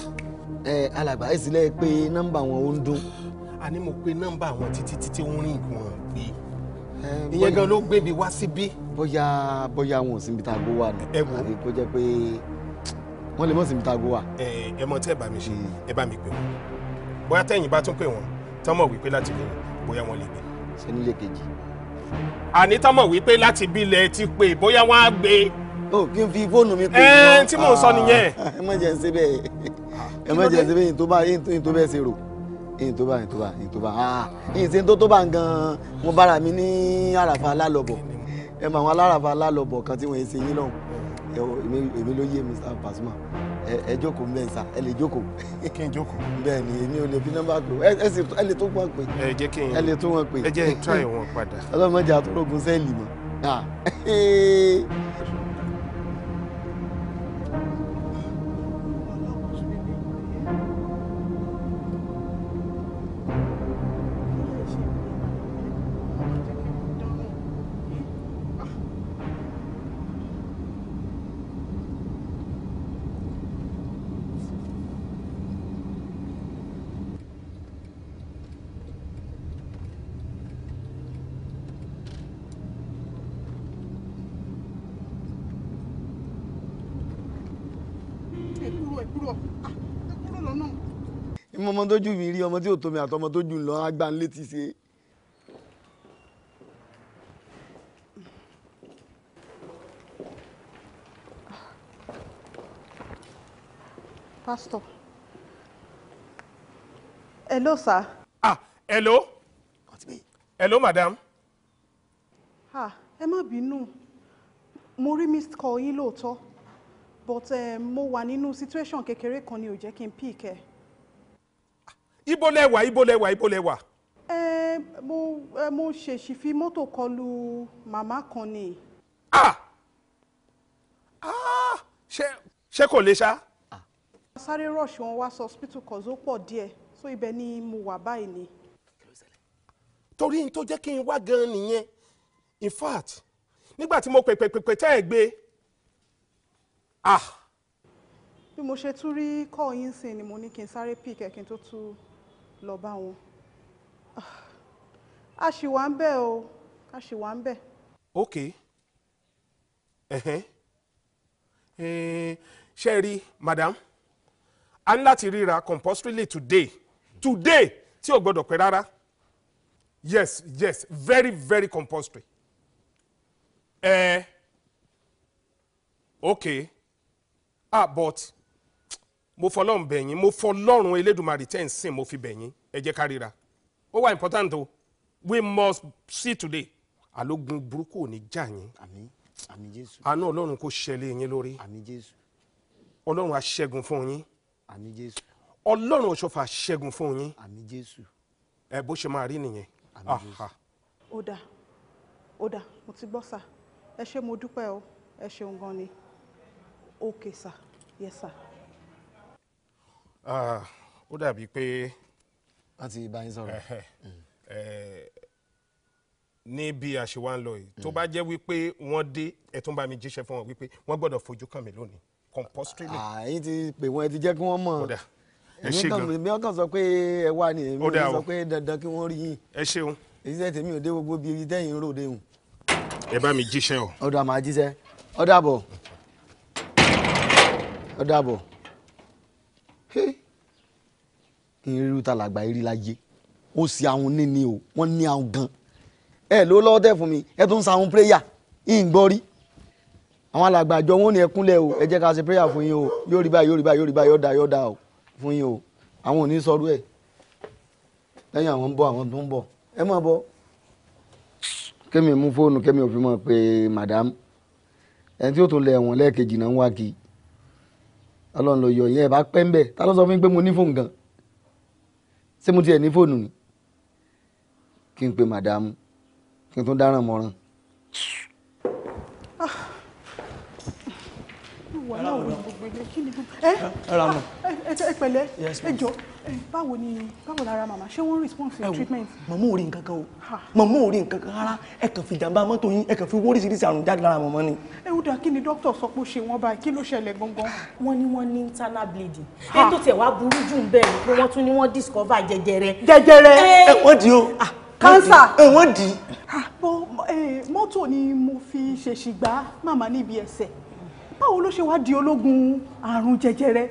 Speaker 3: alàgbà ẹ sílẹ̀ pé nọ́mbà wọn ò ń dún. àní mo pe nọ́mbà wọn títí títí wọn rìn wọn gbé ìyẹn gan ló gbé mi wá síbí. bóyá bóyá wọn ò tá a gbó wà nù àbí kó jẹ́ pé wọ́n lè mọ̀ síbi tá a gbó wà.
Speaker 9: ẹ mọ tí ẹ bá mi ṣe ẹ bá mi pè wọn bóyá tẹ̀yìn bá tún pè wọn tán mọ̀ wípé láti lè bóyá wọn lè gbé. ṣé nílé kejì àní tán mọ̀ wípé láti bí ilẹ̀ ti pè bóyá wọ́n á gbé. o kí n fi
Speaker 3: fóònù mi pè é. ẹ tí mò ń sọ nìyẹn. Ah, ẹ má jẹ́ ń ṣe bẹ́ẹ̀ ẹ má jẹ́ ń ṣe bẹ́ẹ̀ yìí tó bá yìí tó bẹ́ẹ̀ ṣe rò yìí tó bá yìí tó bá yìí tó bá ah, yìí ṣe tó tó bá gan-an mo bára mi ní àràfà alálọ̀bọ̀ ẹ mọ àwọn aláràfà alálọ̀bọ̀ kan tí wọ́n ń ṣe yín lọ́hùn èmi ló yé Mr. Pasuma ẹ jókòó mbẹ nsà ẹ lè jókòó. [LAUGHS] kí n jókòó. bẹ́ẹ̀ ni èmi ò lè fi nọ́mbà pè ẹ sì ẹ lè tó wọn pè. ẹ jẹ́ kí n ẹ lè tó wọn pè. ẹ jẹ́ n tọ́ ẹ̀ wọn padà. [LAUGHS] ọlọ́mọdé àtúrógún sẹ́ẹ̀lì mọ́. Ah. [LAUGHS] mo mọ tójú mi rí ọmọ tí ò tó mi àtọmọ tójú ń lọ agbáńlétí ṣe.
Speaker 1: pásítọ̀ hello sir.
Speaker 9: ah hello hello madam.
Speaker 1: ah ẹ má bínú mo rí missed call yín lóòótọ́ but eh, mo wà nínú situation kékeré kan ni ò jẹ́ kí n pick ẹ
Speaker 9: ibo lẹwà ibo lẹwà ibo lẹwà.
Speaker 1: ẹ mo ẹ mo ṣèṣì fi mọ́tò kọlù màmá kan ni. ah
Speaker 9: ah ṣé ṣé kò le ṣá.
Speaker 1: sáré rush wọn wá sọ hospital kan tó pọ̀ díẹ̀ so ibẹ̀ ni mo wà báyìí ni. torí n tó jẹ́ kí n wá gan-an
Speaker 9: nìyẹn in fact nígbà tí mo pèpèpèpè tẹ́ ẹ̀ gbé
Speaker 1: ah. bí mo ṣe tún rí kọ́ọ̀yìn sìn ni mo ní kí n sáré pì kẹ́kí tó tún lọ bá wọn ah, a ṣì wà ń bẹ̀ o a ṣì wà ń bẹ̀.
Speaker 9: ok eh, ṣe rí madam a ní láti ríra compulsorily today today tí ò gbọdọ̀ pẹ́ rárá yes yes very very compulsory. Eh. ok ah but mo fọlọ́run bẹ̀ yín mo fọlọ́run elédùnmarè tẹ́ ń sìn mo fi bẹ̀ yín ẹ jẹ́ ká ríra ó wà important o we must see today àlógun burúkú ò ní já yín àmín àmín Jésù àánú ọlọ́run kò ṣẹlẹ̀ yín lórí àmín Jésù ọlọ́run aṣẹ́gun fún yín àmín Jésù ọlọ́run ọ̀ṣọ́fà aṣẹ́gun fún yín àmín Jésù ẹ bó ṣe máa rí nìyẹn
Speaker 1: ó dà ó dà mo ti gbọ́ sà ẹ ṣé mo dúpẹ́ o ẹ ṣeun gan ni okay sà yes sà
Speaker 9: ó dàbí pé. wọ́n ti bá yín sọ̀rọ̀. Mm. ní bí a ṣe wá ń lọ yìí tó bá jẹ́ wípé wọ́n dé ẹ̀ tó ń bá mi jíṣẹ́ fún wọn wípé wọ́n gbọ́dọ̀ fojú
Speaker 3: kàn mí lónìí compostry mi. àyín ti pè wọ́n ẹ ti jẹ́ kí wọ́n mọ̀ èmi ọkàn sọ pé ẹ wà ní èmi ò sọ pé dandan kí wọ́n rí yín. ẹ ṣeun. èyí sẹ́ tèmi ò dé gbogbo bíi tẹ́yìn ròde hùn ẹ bá mi jíṣẹ́ o. ọ̀dà máa jíṣẹ́ ọ̀dà bọ̀ ọ̀dà bọ̀ kí n rí ta làgbà eré láyé ó sì àwọn níní o wọ́n ní àwọn gan ẹ ló lọ́wọ́ tẹ̀ fún mi ẹ tún ń sa àwọn pírẹ́yà ń gbọ́ rí àwọn alàgbà àjọ wọn ò ní ẹ kúnlẹ̀ o ẹ jẹ́ ká ṣe pírẹ́yà fún yín o yóò rí báyìí yóò rí báyìí yóò rí báyìí yóò da yóò da o fún yín o àwọn ò ní sọrú ẹ lẹ́yìn àwọn ń bọ̀ àwọn tó ń bọ̀ ẹ máa bọ̀ kémi mú fóònù kémi ò mọ̀ pé madam ẹni tí ó tún lẹ̀ wọ́n lẹ́ẹ̀kejì náà ń wá kí ọlọ́run ló yọ ìyá ẹ̀ bá pẹ́ ń bẹ̀ ta ló sọ fún mi pé mo ní fóònù gan ṣé mo tiẹ̀ ní fóònù ni kí n pe màdàmú kí n tún dáràn mọ́ràn.
Speaker 1: ìwà ah. náà wò pẹ̀lẹ́ kí ni gbogbo ẹ ẹ pẹ̀lẹ́ ẹ jọ báwo ni báwo lára màmá ṣé wọ́n response to treatment. màmá ò rí nǹkan kan o màmá ò rí nǹkan kan rárá
Speaker 3: ẹ kàn fi jàǹbá mọ́tò yín ẹ kàn fi wóríṣiríṣi àrùn jáde lára màmá ni.
Speaker 1: ẹ ó dà kí ni dókítà sọ pé ó ṣe wọn báyìí kí ló ṣẹlẹ̀ gangan. wọ́n ní wọ́n ní internal bleeding ẹni tó tẹ̀ wá burú jù ń bẹ̀rù pé wọ́n tún ní wọ́n discover jẹjẹrẹ. jẹjẹrẹ ẹ wọ́n di o ah, cancer. ẹ wọ́n di. mọ́tò ni mo fi ṣèṣì gbá màmá níbi ẹsẹ̀ báwo ló ṣe wá di ológun àrùn jẹjẹrẹ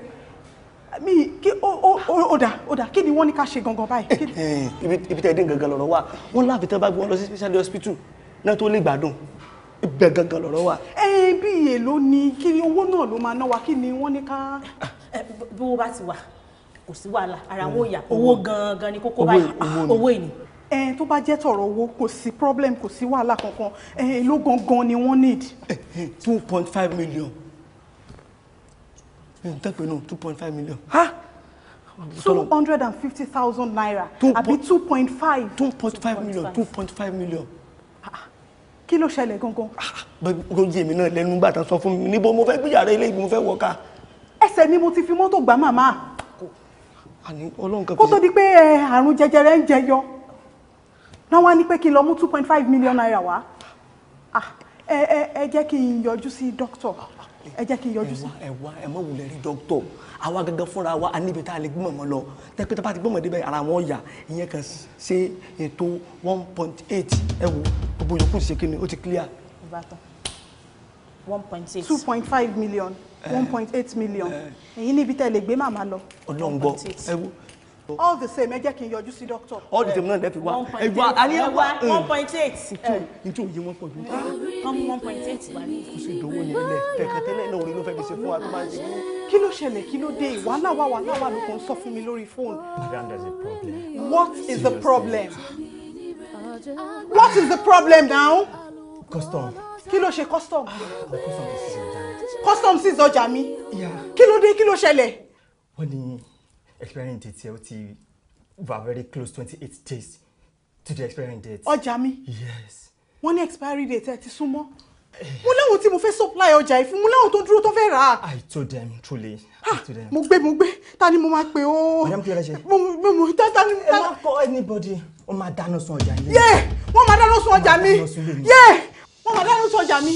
Speaker 1: mi kí ó ó ó dà ó dà kí ni wọ́n ní ká ṣe gangan báyìí. Eh, eh, ibi tẹ́ ẹ dín gangan lọ́rọ̀ wà wọ́n láàfin tán bá wọn lọ sí special hospital náà tó lè gbádùn ibẹ̀ gangan lọ́rọ̀ wà. ẹ bí èlò ni kí owó náà ló máa ná wa kí ni wọ́n ní ká. Eh, bí wọ́n bá ti wà kò sí wàhálà ara wọn ò owó
Speaker 5: gangan ni kókó báyìí ah, owó ìní
Speaker 1: ẹ tó bá jẹ́ tọ̀rọ̀ owó kò sí problem kò sí wàhálà kankan ẹ ló gangan ni wọ́n need. two point five million n tẹ́ pé nù two point five million. ha two hundred and fifty thousand naira àbí two point five. two point five million two point five million. Ah, ah. kí ló ṣẹlẹ̀ gangan.
Speaker 3: lójú ah, èmi náà lẹ́nu gbà tán sọ fún mi níbo mo fẹ́ gbìyàrá ilé ìgbìmọ̀
Speaker 1: fẹ́ wọ̀ ká. ẹsẹ̀ ni mo ti fi mọ́tò gbá màmá. kó tó di pé àrùn jẹjẹrẹ ń jẹyọ náà wá ní pé kí n lọ mú two point five million naira wá ah, ẹ ẹ ẹ jẹ́ kí n yọjú sí doctor ẹ jẹ́ kí n yọjú sí. ẹ wá ẹ mọ̀ wulẹ̀ rí doctor àwa gangan fúnra wa a níbi tá a lè gbọ́mọ̀ mọ́ lọ tẹ́pẹ́
Speaker 3: tó bá ti gbọ́mọ̀ ara wọn yà ìyẹn kan ṣe ètò one point eight ẹ wo gbogbo yòókù ṣe kí ni ó ti clear.
Speaker 1: ìbátan one point eight two point five million eh, one point eight million èyí eh. níbi tẹ́ lè gbé màmá lọ.
Speaker 4: ọlọ́ngbọ́ ẹ wo
Speaker 1: all the same ẹ jẹ́ kí n yọjú sí doctor. all the same náà lẹ́fi wá ẹgbà àníyàn wá one point eight. ìtú òye wọn pọ̀ jù. Come one point eight wà ní. kò sí ìdánwò yẹn lẹ tẹkẹtẹlẹ náà orin
Speaker 3: ló
Speaker 4: fẹ́ fi ṣe fún wa tó máa ń ṣe.
Speaker 1: kí ló ṣẹlẹ̀ kí ló dé wàhálà wà wàhálà wà ló kàn sọ fún mi lórí
Speaker 4: fóònù. what is the problem?
Speaker 1: what is the problem now? custom. kí ló ṣe custom? Ah, custom sí ọjà mi. kí ló dé kí ló ṣẹlẹ̀?
Speaker 4: wọ́n ní expiring date yẹ o ti va very close twenty eight days to the expiring date. ọjà mi. yes.
Speaker 1: wọ́n ní expiry date ẹ ti sún mọ́ mo láwọn tí mo fẹ́ supply ọjà yìí fún mo láwọn tó dúró tó fẹ́ rà á.
Speaker 4: I told them truly. I ah,
Speaker 1: told them. mo gbé mo gbé ta ni mo máa pe o. ọ̀yá mi kí ló ṣe. mo mo mo ta ta ni. ẹ má kọ anybody wọ́n máa dáná sun ọjà yín. yẹ wọ́n máa dáná sun ọjà mi yẹ wọ́n máa dáná sun ọjà mi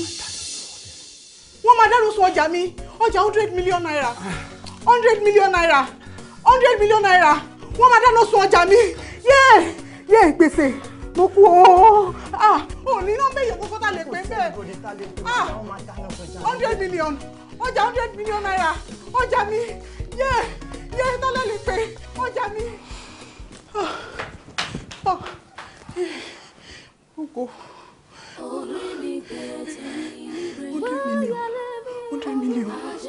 Speaker 1: wọ́n máa dáná sun ọjà mi ọjà hundred million naira ah. hundred million naira hundred million naira wọ́n máa dáná sun ọjà mi yéè yéè gbèsè mo kú ooo ah òní náà bẹ̀yẹ̀ kókó tá lè pè bẹ́ẹ̀ ah hundred million ọjà hundred million naira ọjà mi yéè yéè tá lè lè pè ọjà mi. Ah, Ogo. Ogo. Hundred million hundred million
Speaker 7: hundred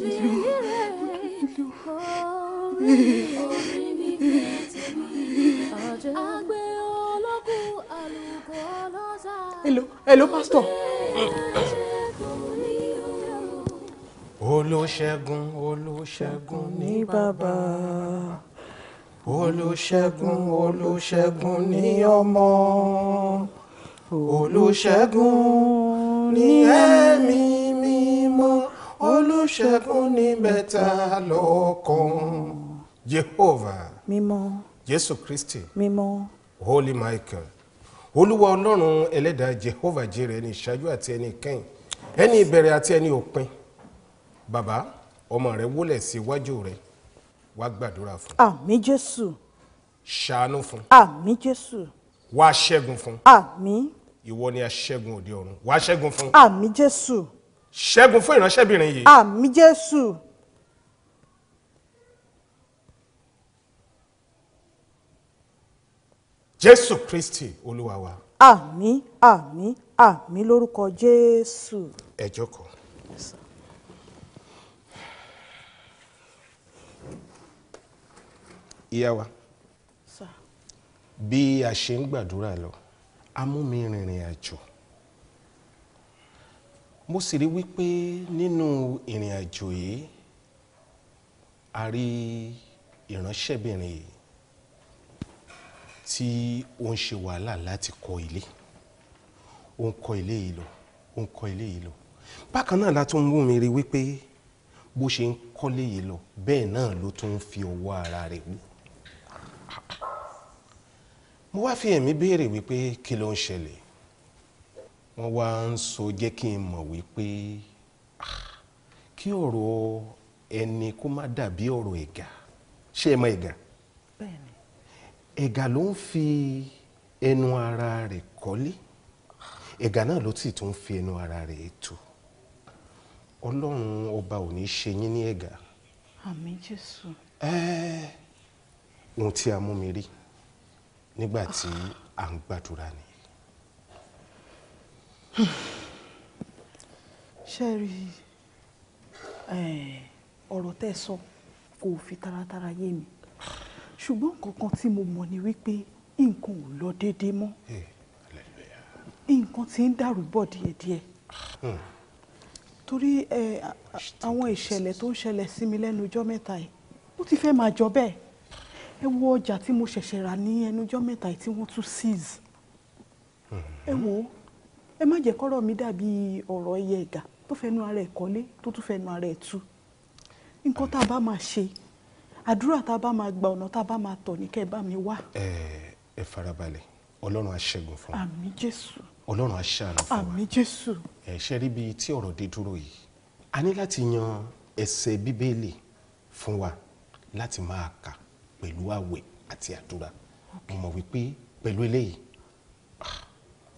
Speaker 7: million hundred million.
Speaker 1: hello hello pastor.
Speaker 9: olùṣègùn olùṣègùn ní bàbá olùṣègùn olùṣègùn ní ọmọ olùṣègùn ní ẹ̀mí
Speaker 1: mímọ́ olùṣègùn ní
Speaker 9: mẹ́ta lọ́kan jehovah mímọ́ jésù kristi mímọ́ holy michael olúwa ọlọ́run ẹlẹ́dàá jehovah jire ẹni ìṣáájú àti ẹni ìkẹyìn ẹni ìbẹ̀rẹ̀ àti ẹni òpin bàbá ọmọ rẹ wólẹ̀ sí iwájú rẹ wá
Speaker 1: gbàdúrà fún. àmín
Speaker 9: jésù. ṣàánú fún. àmín jésù. wá ṣẹ́gun fún. àmín ìwọ ni aṣẹ́gun òde ọ̀run wàá ṣẹ́gun fún.
Speaker 1: àmì jésù.
Speaker 9: ṣẹ́gun fún ìránṣẹ́bìnrin yìí.
Speaker 1: àmì jésù.
Speaker 9: jésù kristi olúwa wa.
Speaker 1: àmì àmì àmì lórúkọ jésù.
Speaker 9: ẹ jókòó. ìyá wa bí a ṣe ń gbàdúrà lọ amúmirìnrìn àjò mo sì rí wípé nínú ìrìn àjò yìí a rí ìránṣẹ́bìnrin yìí tí ó ń ṣe wàhálà láti kọ́ ilé ó ń kọ́ ilé yìí lọ ó ń kọ́ ilé yìí lọ bákan náà la tún ń mú rí wípé bó ṣe ń kọ́lé yìí lọ bẹ́ẹ̀ náà ló tún ń fi ọwọ́ ara rẹ̀ wò mo wá fi ẹ̀mí béèrè wípé kí ló ń ṣẹlẹ̀ wọ́n wá ń sọ jẹ́ kí n mọ̀ wípé ah, kí ọ̀rọ̀ ẹni kó má dàbí ọ̀rọ̀ ẹ̀gà ṣé ẹ mọ̀ ẹ̀gà ẹ̀gà ló ń fi ẹnu ara rẹ̀ kọ́lé ẹ̀gà náà ló sì tún fi ẹnu ara rẹ̀ tú ọlọ́run ọba ò ní ṣe yín ní ẹ̀gà.
Speaker 1: àmín jésù.
Speaker 9: ẹ ohun tí a mú mi rí nígbà tí à ń gbàdúrà ni.
Speaker 1: ṣe rí ọ̀rọ̀ tẹ́ sọ kò fi taratara yé mi ṣùgbọ́n kankan tí mo mọ̀ ni wípé nǹkan ò lọ déédéé mọ́ nǹkan tí ń dàrú bọ̀ díẹ̀díẹ̀ hmm. torí àwọn ìṣẹ̀lẹ̀ tó ń ṣẹlẹ̀ sí mi lẹ́nu ọjọ́ mẹ́ta yìí ó ti fẹ́ máa jọ bẹ́ẹ̀ ẹ wo ọjà tí mo ṣẹ̀ṣẹ̀ rà ní ẹnujọ́ mẹ́ta tí wọ́n tún seize ẹ wo ẹ má jẹ́ kọ́rọ̀ mi dàbí ọ̀rọ̀ ẹyẹ ẹ̀gà tó fẹnu ara ẹ̀ kọ́lé tó tún fẹnu ara ẹ̀ tú nǹkan tá a bá máa ṣe àdúrà tá a bá máa gba ọ̀nà tá a bá máa tọ̀ ní kẹ́ ẹ bá mi wá.
Speaker 9: ẹ farabalẹ̀ ọlọ́run á ṣẹ́gun fún wa
Speaker 1: àmín jésù
Speaker 9: ọlọ́run á ṣàánú fún wa
Speaker 1: àmín jésù
Speaker 9: ẹ ṣe rí bíi tí ọ̀rọ̀ dé dúró yìí a ní láti yan ẹsẹ̀ bíbélì fún wa láti máa kà pẹ̀lú àwẹ̀ àti àdúrà mo mọ̀ wípé pẹ̀lú eléyìí ah,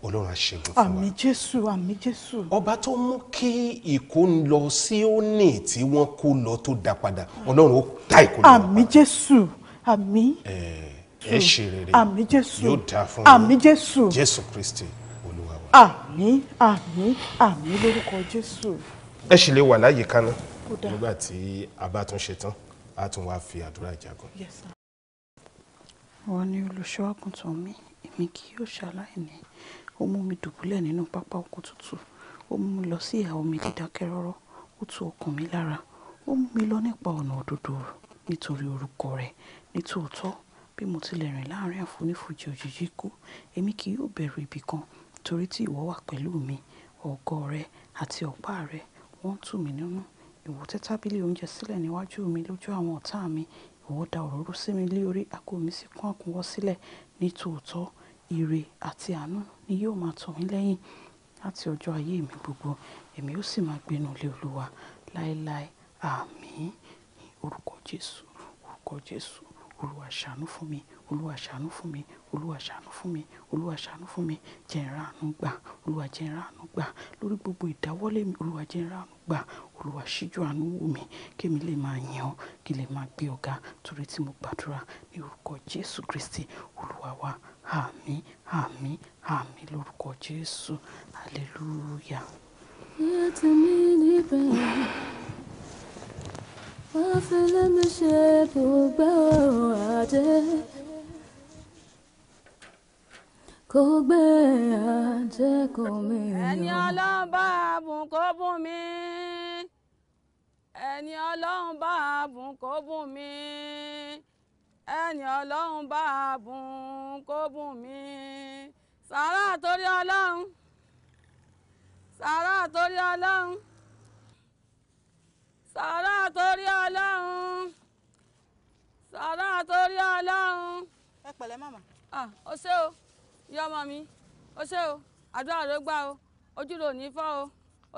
Speaker 9: ọlọ́run aṣẹ́gun fún wa.
Speaker 1: àmì jésù àmì jésù. ọba tó mú kí
Speaker 9: ìkó ń lọ sí òní tí wọ́n kó lọ tó dá padà ọlọ́run ó ta ìkó lọ. àmì
Speaker 1: jésù àmì.
Speaker 9: ẹ ẹ ṣe rere àmì jésù yóò dáa fún yín àmì jésù jésù kristi
Speaker 1: olúwa wa. àmì àmì àmì lórúkọ jésù.
Speaker 9: ẹ ṣì lè wà láyìíká náà nígbà tí a bá tún ṣe tán a tún wá fi àdúrà jagun.
Speaker 1: wọ́n ní olùṣọ́ mi èmi kì yóò ṣaláìní ó mú mi dùbúlẹ̀ nínú pápá oko tútù ó mú mi lọ sí ìhà omi dídákẹ́ rọ́rọ́ ó tu okùn mi lára ó mú mi lọ nípa ọ̀nà òdodo nítorí orúkọ rẹ̀ nítòótọ́ bí mo tilẹ̀ rìn láàrin àfonífojì òjijì kú èmi kì yóò bẹ̀rù ibì kan torí tí ìwọ wà pẹ̀lú mi ọ̀gọ rẹ àti ọ̀pá rẹ wọ́n tù mí nínú ìwọ tẹ́ tábìlì oúnjẹ sílẹ̀ níwájú mi lójú àwọn ọ̀tá mi ìwọ da òróró sí mi lé orí àgbo mi sì kún àkúnwọ́ sílẹ̀ ní tòótọ́ ire àti àánú ni yóò máa tọ̀ mí lẹ́yìn láti ọjọ́ ayé mi gbogbo èmi ó sì máa gbénu lé olúwa láéláé àmín ní orúkọ jésù orúkọ jésù olúwa ṣàánú fún mi olúwa ṣàánú fún mi olúwa ṣàánú fún mi olúwa ṣàánú fún mi jẹ́ n ráàánú gbà olúwa jẹ́ n ráàánú gbà lórí gbogbo ìdáwọ́lé mi olúwa jẹ́ n ráàánú gbà olúwa ṣíjú àánú wò mí kémi lè máa yìn ọ́ kí lè máa gbé ọ̀gá torí tí mo gbàdúrà ní orúkọ jésù kristi olúwa wa àmín àmín àmín lórúkọ jésù hallelujah.
Speaker 7: Afelemese kò gbọ́ adé kò
Speaker 8: gbé adé kò mí. Ẹni ọlọ́run bá bùn kó bùn mí. Ẹni ọlọ́run bá bùn kó bùn mí. Ẹni ọlọ́run bá bùn kó bùn mí. Sàrà torí ọlọ́run. Sàrà torí ọlọ́run sàrà torí ọlọ́run sàrà torí ọlọ́run. ẹ pẹ̀lẹ́ màmá. ah ó ṣé o ní ọmọ mi ó ṣé o àdúrà ló gbà o ojú ló ní fọ́ o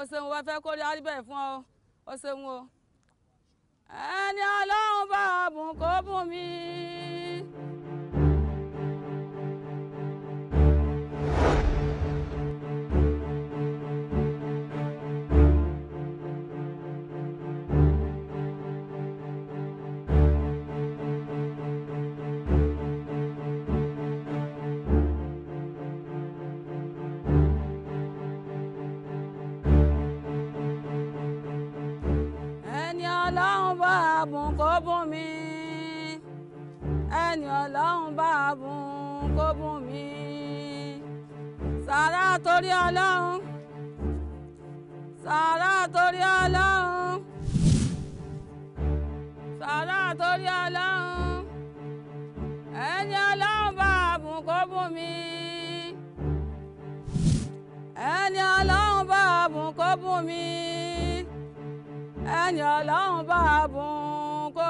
Speaker 8: ó ṣeun wá fẹ́ kórè áríbẹ̀ fún ọ ó ṣeun o. ẹni ọlọ́run bá bùn kó bùn mi. bùn kó bùn mí ẹni ọlọ́run bá bùn kó bùn mí sàrà torí ọlọ́run sàrà torí ọlọ́run sàrà torí ọlọ́run ẹni ọlọ́run bá bùn kó bùn mí ẹni ọlọ́run bá bùn kó bùn mí ẹni ọlọ́run bá bùn.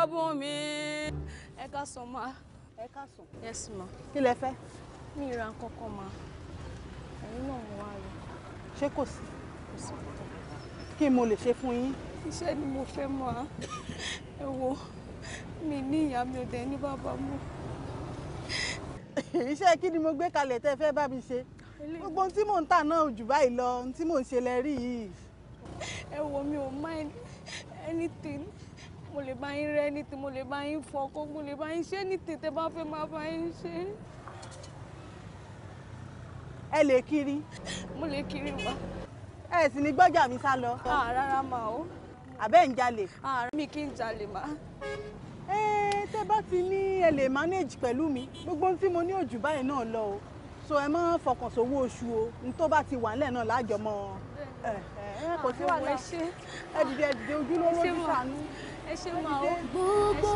Speaker 8: Ọlábùnmi
Speaker 5: ẹ ká sọ ma. ẹ ká sùn. yes ma. kí lẹ fẹ́. mi ìra kankan ma
Speaker 7: ẹ̀yin náà mo wá rẹ.
Speaker 1: ṣé kò sí. kò sí kankan. kí mo lè ṣe fún yín.
Speaker 7: iṣẹ́ ni mo fẹ́
Speaker 1: mọ́ a ẹ wo mi ní ìyá
Speaker 8: mi ò dẹ̀ ní bàbá mọ́.
Speaker 1: iṣẹ́ kí ni mo gbé kalẹ̀ tẹ́ fẹ́ bá mi ṣe gbogbo ohun tí mò ń tà náà jù báyìí lọ ohun tí mò ń ṣe lẹ́rí yìí.
Speaker 8: ẹ
Speaker 5: wo mi ò mind anything mo lè bá yín rẹ́ ní ti mo lè bá yín fọkọ́ mo lè bá yín ṣe ní ti tẹ́ bá fẹ́ máa bá yín ṣe.
Speaker 1: ẹ lè kiri. mo lè kiri wá. ẹ sì ní gbọ́jà mi sá lọ. rárá mà o. àbẹ́ ń jalè. mi kì í jalè mà. ẹ tẹ́ bá ti ní ẹ lè manage pẹ̀lú mi gbogbo tí mo ní òjù báyìí náà lọ o so ẹ má fọkàn sówó oṣù o n tó bá ti wà nílẹ̀ náà lájọmọ́
Speaker 7: kò sí wàhálà ẹ dìde ẹ dìde ojúlówó ojú sànú ẹ ṣe mọ o gbogbo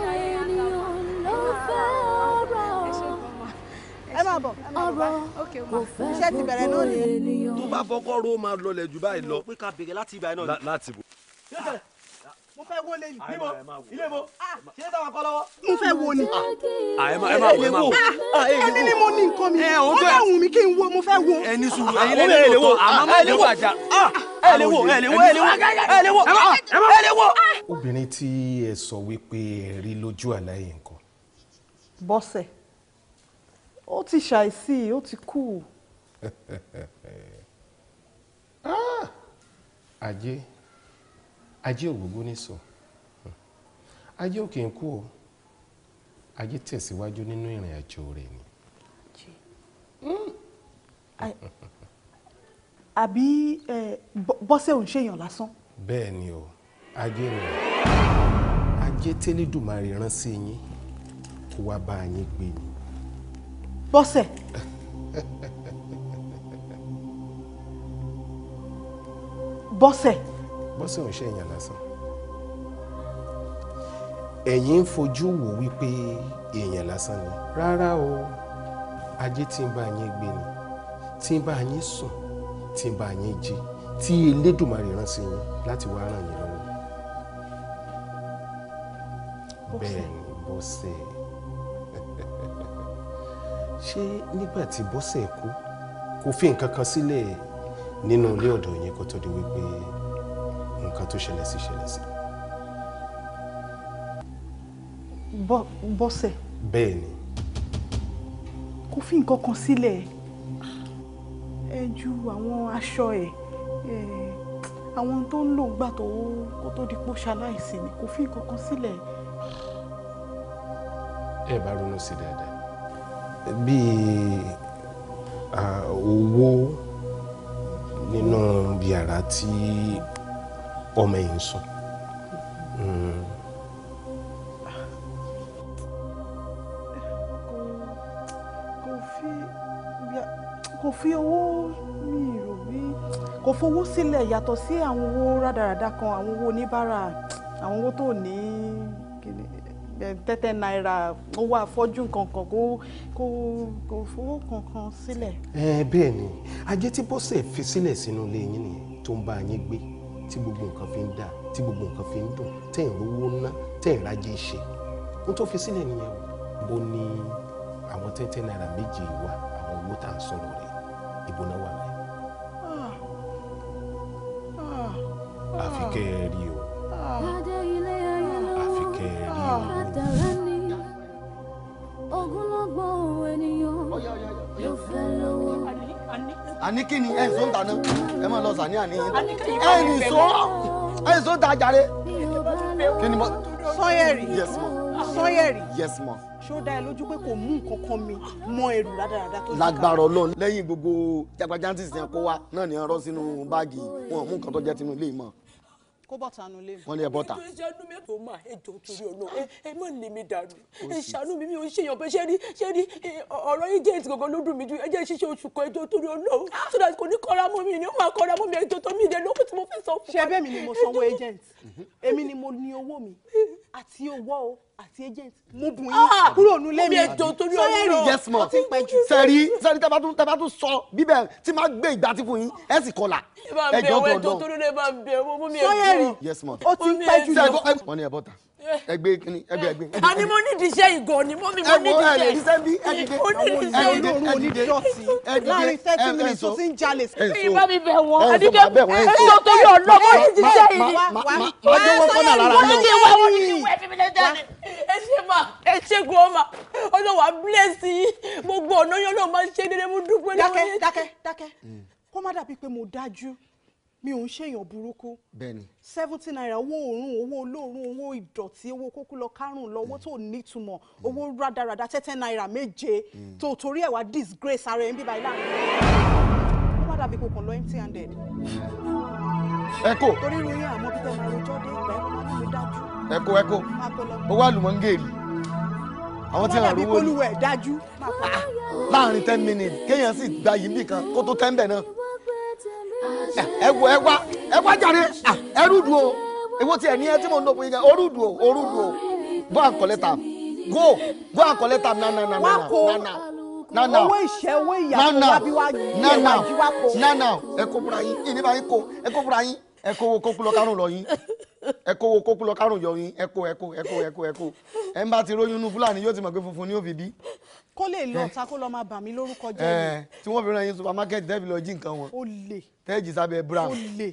Speaker 7: máa bọ̀ ọ̀rọ̀ kò fẹ́ gbogbo ènìyàn.
Speaker 3: tó bá fọkọ́ ro máa lọlẹ̀ jù báyìí lọ. pé ká bèrè láti ibà náà. láti bò
Speaker 1: mo fẹ́ wo lẹ́yìn níbo ilé mo ṣe é dáwà kọ́ lọ́wọ́. mo fẹ́ wo ni. ẹ má ẹ ah, ah, mo ní nǹkan mi eh, ó bẹ̀ wù mí kí n wo mo fẹ́ wo. ẹ ní sùúrù ẹ̀yin lè lè wo àmọ́ má lè wo àjà.
Speaker 3: Ah, ẹ lè wo ẹ lè wo ẹ lè wo ẹ lè wo ẹ lè wo.
Speaker 9: obìnrin tí ẹ sọ wípé ẹ rí lójú àlàyé nǹkan.
Speaker 1: bọ́sẹ̀ ó ti ṣàìsí ó ti kú.
Speaker 9: [LAUGHS] ajé ajé ògbógbó nìsọ ajé òkè ń kú o ajé tẹ̀síwájú nínú ìrìn àjò rẹ̀ ni.
Speaker 1: Hmm. àbí bọ́sẹ̀ òun ṣèyàn lásán.
Speaker 9: bẹ́ẹ̀ ni o ajé ni ajé tẹ́lẹ̀dùmarè rán sí yín kó wá bá yín gbé ni.
Speaker 1: bọ́sẹ̀. [LAUGHS] bọ́sẹ̀.
Speaker 9: Bọ́sẹ̀ ò ń ṣe èèyàn lásán ẹ̀yin ń fojú wò wípé èèyàn lásán ni rárá o ajé tí ń bá yín gbé ni tí ń bá yín sùn tí ń bá yín jí tí Elédùmarè rán sí yín láti wá ràn yín lọ́wọ́ bẹ́ẹ̀ ni Bọ́sẹ̀ [LAUGHS] ṣé nígbà tí Bọ́sẹ̀ kú kò fi nǹkan kan sílẹ̀ nínú ilé ọ̀dọ̀ yín kó tó di wípé nǹkan tó ṣẹlẹ̀ sí ṣẹlẹ̀ sí. bọ́sẹ̀. bẹ́ẹ̀ ni.
Speaker 1: kò fi nǹkan kan sílẹ̀ ẹ ju àwọn aṣọ ẹ̀ àwọn tó ń lò gbà tó kó tó di pò ṣaláìsí ni kò fi nǹkan kan sílẹ̀.
Speaker 9: ẹ bá ronú sí dáadáa bíi owó nínú yàrá tí ọmọ yìí ń sùn.
Speaker 1: kò fi owó mi rò bí kò fowó sílẹ̀ yàtọ̀ sí àwọn owó rádaràda kan a owó oníbàárà àwọn owó tó o eh, tẹ́tẹ́ náírà owó àfọ́jú kankan kó kó kó fowó kankan sílẹ̀.
Speaker 9: ẹ eh, bẹ́ẹ̀ ni ajé tí bọ́sẹ̀ fi sílẹ̀ sínú ilé yín nìyẹn tó ń bá yín gbé tí gbogbo nǹkan fi ń dà tí gbogbo nǹkan fi ń dùn tẹ̀ rówó ná tẹ̀ rájẹ́ ṣe n tó fi sílẹ̀ nìyẹn o bó ní àwọn tẹ́tẹ́ náírà méje wà àwọn owó tá à ń sọ̀rọ̀ rẹ̀ ìbò náà wà láyé. àfi rí o
Speaker 7: àfi rí o.
Speaker 3: àníkìní ẹ̀ ń sọ ń dáná ẹ máa lọ sàní àníyàn
Speaker 5: ẹ̀ ń sọ
Speaker 1: ẹ̀ ń sọ da jàre. kí ni mo.
Speaker 3: sọyẹrì sọyẹrì
Speaker 1: ṣó dá ẹ lójú pé kò mú nǹkan kan mi mọ ẹrù rádaràda tó ti ká. lágbára
Speaker 3: Ọlọ́run lẹ́yìn gbogbo jagbajantis yẹn kó wa náà ni wọn rọ sínú báàgì wọn mú nǹkan tó jẹ tinú ilé mọ
Speaker 5: kó bọ́ta nu lé
Speaker 3: mi. wọ́n ní ẹ ètò ìṣe ọdún mẹ́tò
Speaker 5: máa ètò torí ọ̀nà ah. ẹ má lè mi dànù ẹ mi mi ò ṣèyàn bẹ́ẹ̀ ṣe rí ṣe rí ọ̀rọ̀ yìí jẹ́ ìtìgọ̀gọ̀ ló dùn mí ju ẹ jẹ́ oṣù kan ètò torí ọ̀nà ah. so that kò ní kọ́ra mọ́ mi ni ó máa kọ́ra mọ́ mi ètò tó mi ìdẹ́nu tí mo fẹ́ sọ fún wa. ṣé bẹ́ẹ̀ mi ni mo sanwó agent
Speaker 1: mm-hmm. èmi ni mo ní owó mi àti àti agent mo bùn yín ah! kúrò nù
Speaker 3: lẹ́mi sẹ́ẹ̀rì yes ma sẹ́ẹ̀rì sẹ́ẹ̀rì tẹ́ tún sọ bíbẹ̀ tí máa gbé ìgbà tí fún yín ẹ̀ sì kọlà ẹjọ́ gbọ̀dọ̀
Speaker 5: sẹ́ẹ̀rì
Speaker 3: yes ma ó ti pẹ́ jù lọ. wọ́n ní ẹ̀ bọ́ta ẹgbẹ́ kini ẹgbẹ́ ẹgbẹ́. àní mo
Speaker 5: ní ìdíṣẹ́ ìgò ni mo mi mo ní ìdíṣẹ́. ẹ wo ẹ lè ṣiṣẹ́ bí ẹdìdẹ ẹdìdẹ ẹdìdẹ ẹdìdẹ láàrin thirty minutes tó ti ń jalè. èyí bá mi bẹ̀ wọ́n ẹdìdẹ ẹdìdẹ tó yọ ọlọ́mọ ìdílé máa jọwọ́ kọ́nà lára mi. wọ́n ti wá wọ́n ti wá ẹ̀fí mi lẹ́jọ́ ni. ẹ ṣe ma ẹ ṣe kò ó ma ọlọ́wà bílẹ̀sì gbogbo ọ̀nà yẹn ló máa ṣe dédé mo dúpẹ́ lọ́wọ́ yẹn. dákẹ́
Speaker 1: dákẹ́ kó má dàbí pé mo dájú mi ò ń ṣèyàn burúkú seventy naira owó òórùn owó olóòórùn owó ìdọ̀tí owó kókó lọ kárùn lọ́wọ́ tó nítumọ̀ owó rádaràda tẹ́tẹ́ náírà méje mm. tó torí ẹ̀ wá disgrace ara ẹ̀ ń bíbá ilé àná. ó má dàbí kò kàn lọ empty handed. [LAUGHS]
Speaker 3: ẹkọ ẹkọ ẹkọ ó wà àwọn tí wọn rówó ni láàrin ten minutes kéèyàn sì gba yìí nìkan kó tó náà ah, o ewo go now now owó ìṣẹ́ owó ìyàwó wa bí wá yẹ wá jí wá kó. now now ẹ kó fúnra yín ìní bá yín kó ẹ kó fúnra yín ẹ kó owó kókú lọ kárùn lọ yín ẹ kó owó kókú lọ kárùn yọ yín ẹ kó ẹ kó ẹ kó ẹ kó ẹ kó ẹ ń bá ti róyún inú fúlàní yóò ti mọ̀ pé funfun ni ó fi bí.
Speaker 1: kó lè lọ ta kó lọ máa bà mí lórúkọ jẹ́ mi.
Speaker 3: tí wọ́n fi ràn yín supermarket dẹ́bi lọ jí nǹkan wọn. ó lè. tẹ́ẹ̀jì sábẹ́ brown. ó
Speaker 1: lè.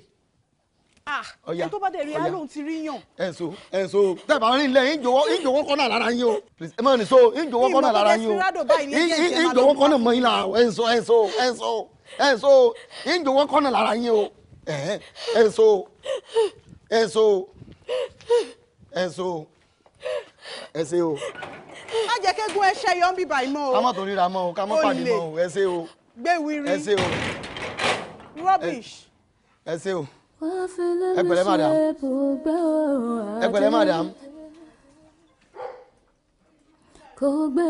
Speaker 1: Ah, ẹni tó bá dẹ̀ rí á ti rí yàn.
Speaker 3: ẹ so ẹ so tẹ́ẹ̀ bá rìn lẹ́yìn ìjòwó kọ́nà lára yín o ẹ má ní so ìjòwó kọ́nà lára yín o ìjòwó kọ́nà mọ́ yín lára ẹ so ẹ so ẹ so ẹ so ìjòwó kọ́nà lára yín o ẹ so ẹ so ẹ so ẹ ṣe o.
Speaker 1: má jẹ́ kéegun ẹ ṣe yọ̀ǹbì báyìí mọ́ o. ká má
Speaker 3: torí ra mọ́ o ká má pàdé mọ́ o ẹ ṣe o.
Speaker 1: gbé wiri rubbish. ẹ ṣe o ẹ pẹ̀lẹ́ madam
Speaker 7: ẹ pẹ̀lẹ́ madam. kò gbé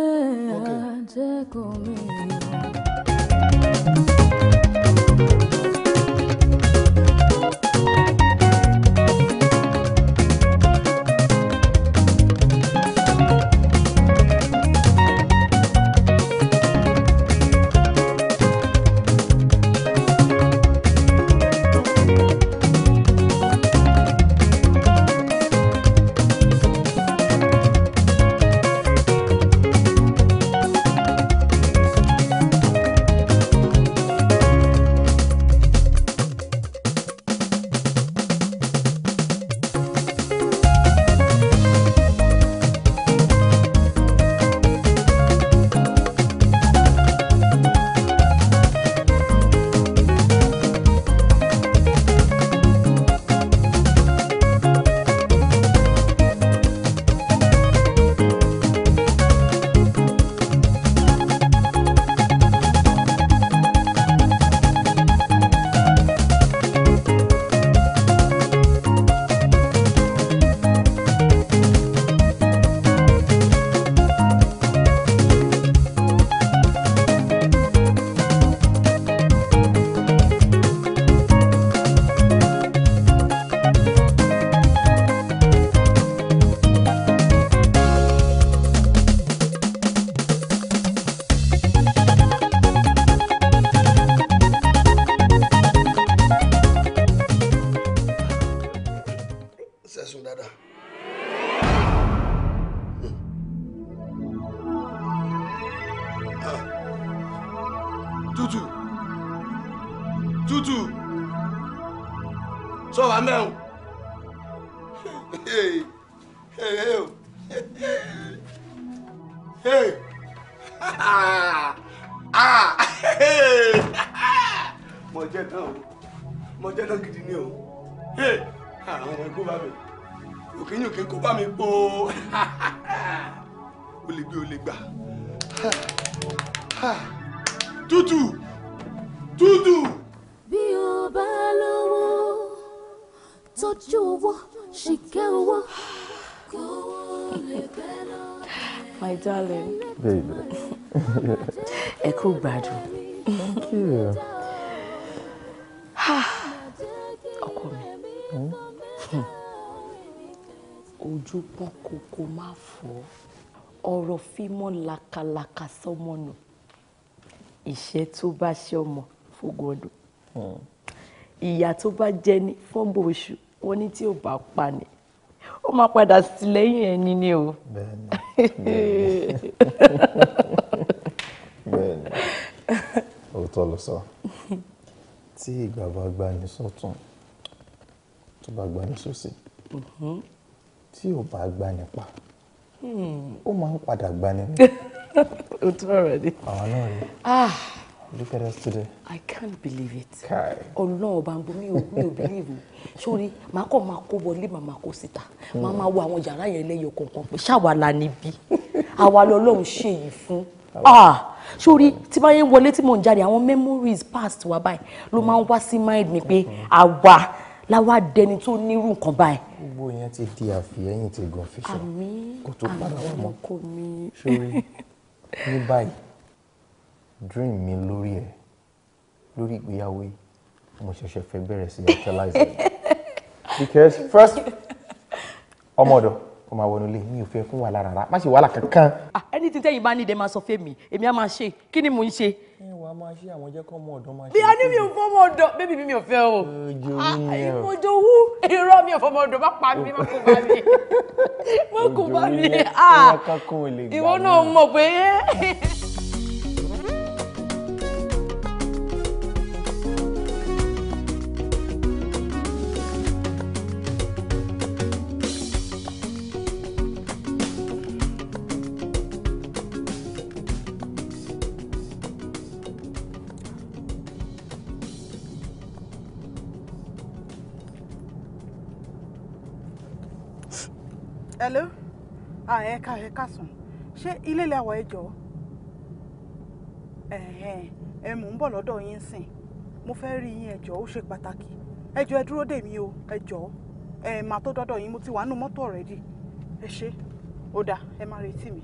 Speaker 5: rán làkàlàkà sọmọ nù ìṣẹ́ tó bá ṣe ọmọ fógun ọdún hmm. ìyà tó bá jẹ ní fọ́nbọ̀ oṣù wọn ní tí ò bá pa ni ó máa padà sí lẹ́yìn ẹni ni o. bẹ́ẹ̀ni
Speaker 4: òótọ́ ló sọ tí ìgbà bá gba ni sọ́tún tó bá gba ni
Speaker 3: sósì mhm. tí ò bá gba ni pa
Speaker 9: ó máa ń padà
Speaker 5: gbani. o [LAUGHS] tún ọ̀rọ̀ ni. àwọn náà ni. ah look at us today. i can't believe it. kai. ọlọ́run ọba ń bọ mi ò mi ò believe o sórí màá kọ́ máa kó wọlé màá máa kó síta hmm. màá máa wo àwọn yàrá yẹn lẹ́yọ kọ̀ọ̀kan pé ṣáwa la níbí àwa lọ́lọ́run ṣe yìí fún ah sórí tí bá yẹn wọlé tí mò ń jáde àwọn memories past wa báyìí ló máa ń wá sí mind mi pé hmm. àwa láwa dẹni tó nírú nǹkan
Speaker 4: báyìí. gbogbo yẹn ti di àfihẹ́yìn ti gan fi sọ kó tó padà wà mọ́ ṣórí ní báyìí dream mi lórí ẹ lórí ìgbéyàwó mo ṣẹ̀ṣẹ̀ fẹ́ bẹ̀rẹ̀ sí actualize because first ọmọ ọ̀dọ̀ ó máa wọnú ilé mi ò fẹ́ fún wàhálà rárá má ṣe wàhálà kankan.
Speaker 5: ẹni ah, tí tẹ́yìn bá ní ìdẹ máa sọ fẹ́mi èmi á máa ṣe kí ni mò ń ṣe.
Speaker 4: ẹ wàá máa ṣe àwọn jẹ́kọ̀ ọmọ
Speaker 5: ọ̀dọ́ máa ṣe. bí a ní mi ò fọ́ ọmọ ọ̀dọ́ bébí mi mi ò fẹ́ o. ìmọ̀jọ ah, wú irọ́ mi ò fọ́ ọmọ ọ̀dọ́ má pa mi má kó bá mi
Speaker 7: ah, má kó bá mi.
Speaker 3: ìwọ
Speaker 5: náà mọ̀ pé.
Speaker 1: ẹ̀ka ẹ̀ka sùn ṣé ilé ilé àwọ̀ ẹ̀jọ̀ ẹ mò ń bọ̀ lọ́dọ̀ yín sìn mo fẹ́ rí yín ẹ̀jọ̀ ó ṣe pàtàkì ẹ̀jọ̀ ẹ dúró dè mí o ẹ̀jọ̀ ẹ máa tó dọ́dọ̀ yín mo ti wà nù mọ́tò already ẹ ṣé ó dáa ẹ má retí mi.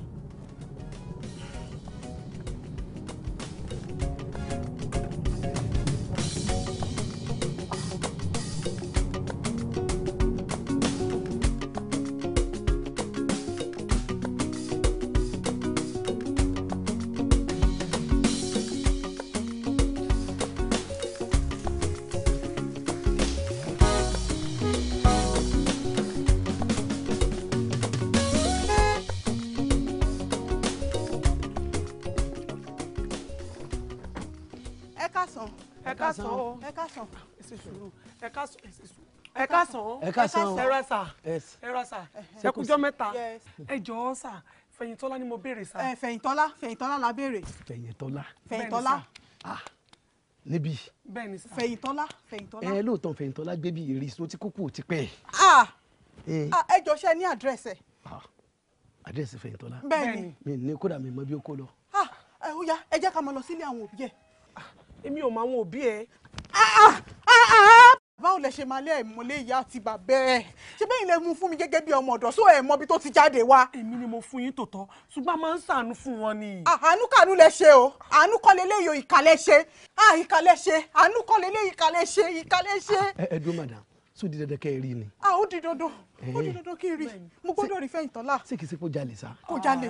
Speaker 1: sì sùúrù ẹ ká sùn ẹ ká sàn ẹ ká sàn ẹ ra sà ẹ ra sà ẹ kújọ mẹ́ta ẹ jọ̀ọ́ sà fẹ̀yìntọ́lá ni mo béèrè sà. ẹ fẹ̀yìntọ́lá fẹ̀yìntọ́lá la béèrè.
Speaker 3: fẹ̀yìntọ́lá fẹ̀yìntọ́lá. ah níbí.
Speaker 1: bẹ́ẹ̀ni sà fẹ̀yìntọ́lá fẹ̀yìntọ́lá. ẹ
Speaker 3: lóòótọ́ fẹ̀yìntọ́lá gbé bí ìrìsì tó ti kókó ti pẹ́. ah ẹ ah,
Speaker 1: jọ ṣe ní àdírẹ́sì ẹ. Ah.
Speaker 3: àdírẹ́sì fẹ̀yìntọ́lá. bẹ́ẹ̀ni mi ní kódà mi mọ bí ó kó lọ. ah
Speaker 1: ó yá ẹ jẹ́ ká máa lọ sílé àwọn òbí ẹ̀. Ah, èmi ò mọ àwọn òbí ẹ báwo lẹ ṣe máa lé ẹ̀mọ́lé ìyá àti bàbá ẹ̀ ṣé bẹ́ẹ̀ lẹ mú fún mi gẹ́gẹ́ bí ọmọ ọ̀dọ́ só ẹ̀ mọ ibi tó ti jáde wá. èmi ni mo fún yín tòótọ́ ṣùgbọ́n a máa ń ṣàánú fún wọn ni. Ah, àánú kàánú lẹ ṣe o àánú kọ́ leléyò ìkàlẹ̀ ṣe ah, ìkàlẹ̀ ṣe àánú kọ́ leléyò ìkàlẹ̀ ṣe ìkàlẹ̀ ṣe.
Speaker 3: ẹ ẹ dúró madam sóò di dandan kẹ ẹ rí ni.
Speaker 1: a ah, ó di dandan ó di dandan kí n rí mo gbọ́dọ̀ rí fẹ̀yìntàn lá. ṣé kìí ṣe kó jalè sá. kó jalè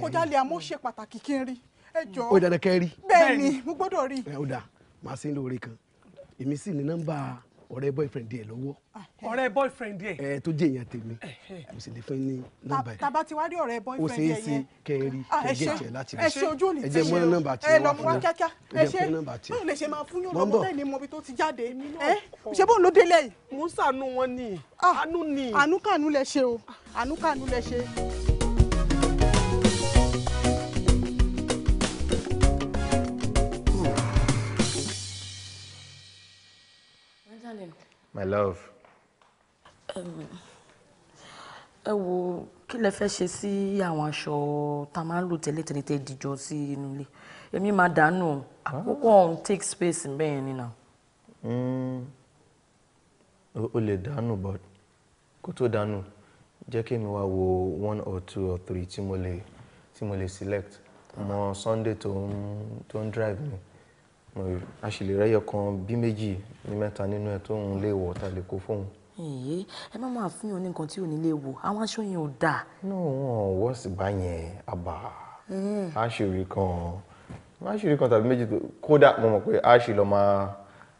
Speaker 1: kó jalè àmọ́ ṣe pàtàkì kí n rí. ẹ jọ ó dandan kẹ rí. bẹ́ẹ̀ ni mo gbọ́dọ̀ rí. ẹ ó dà
Speaker 3: màá sí lóore kan èmi sì ní nọ́mbà ọ̀rẹ́ boyfriend ẹ̀ lọ́wọ́. Ah,
Speaker 1: ọ̀rẹ́ boyfriend
Speaker 3: ẹ̀. ẹ eh, tó jẹ́ èèyàn tèmi eh, eh. mo sì lè fún yín ní nọ́mbà yẹn.
Speaker 1: tàbá ti wá rí ọ̀rẹ́ boyfriend yẹn. o ṣeé ṣe
Speaker 3: kẹrin kẹjẹ jẹ láti rí. ẹ ṣe ojú òní tí yẹn ah, ẹ lọ mú wa kíákíá ẹ ṣe báwo lè
Speaker 1: ṣe máa fún yín lọ́wọ́ bẹ́ẹ̀ ni mo bi tó ti jáde mi náà. ṣé bóun ló délé yìí. mo ń ṣàánú wọn ni ah, àánú ni. àánú kàánú lẹ ṣe o àánú kàánú lẹ ṣe.
Speaker 9: my
Speaker 6: love.
Speaker 5: ẹ wo kí lẹ fẹ́ ṣe sí àwọn aṣọ tá a máa ń lò tẹ́lẹ̀tẹ́lẹ̀ tẹ́ dìjọ sí inú ilé èmi máa dànù àkókò ah. ọ̀hún take space bẹ́ẹ̀ ni nà.
Speaker 4: Hmm. o lè dànù but
Speaker 3: kó tó dànù jẹ́ kí mi wá wo one or two or three tí mo lè tí mo Sunday tó ń drive mi a sì lè rẹ́yọ kan bí méjì ní mẹ́ta nínú ẹ̀ tó ń lè wọ̀ tá a lè kó fóun.
Speaker 5: èyí ẹ má máa fún yàn ní nǹkan tí ò ní lè wò àwọn aṣọ yẹn ò dáa.
Speaker 3: inú wọn wọ́ọ̀sì bá yẹn àbá a ṣe kan a kan tàbí méjì kódà mo mọ̀ pé a lọ máa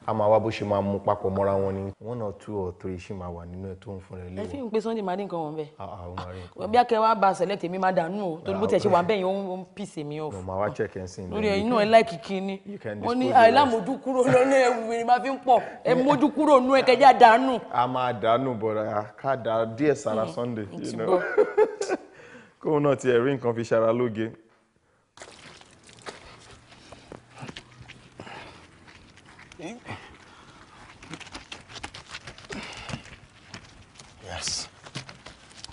Speaker 3: a máa wá bó ṣe máa mú papọ̀ mọ́ra wọn ni one or two or three ṣì máa wà nínú ẹ̀ tó ń fún rẹ̀ léwu. ẹ fi
Speaker 5: ń pe Sunday máa dín nǹkan wọn bẹ́ẹ̀. àà ah, ah, ó bí akẹ́ wa ba select èmi máa dànù o torí bó tiẹ̀ ṣe wà bẹ́ẹ̀ yẹn ó ń pìsè mi off. màá wá check ẹ̀ sí i. lórí inú ẹ láìkì kínní mo ní àìlámójú
Speaker 3: kúrò lọ́nà ẹ̀wù mi máa fi ń pọ̀ ẹ mójú kúrò nú ẹ kẹjá dànù. a máa dànù bọ̀dà ká dà díẹ̀ sára hmm, Sunday [LAUGHS] kóun
Speaker 9: náà ti ẹ̀rí nǹkan fi ṣara
Speaker 4: lóge
Speaker 3: yes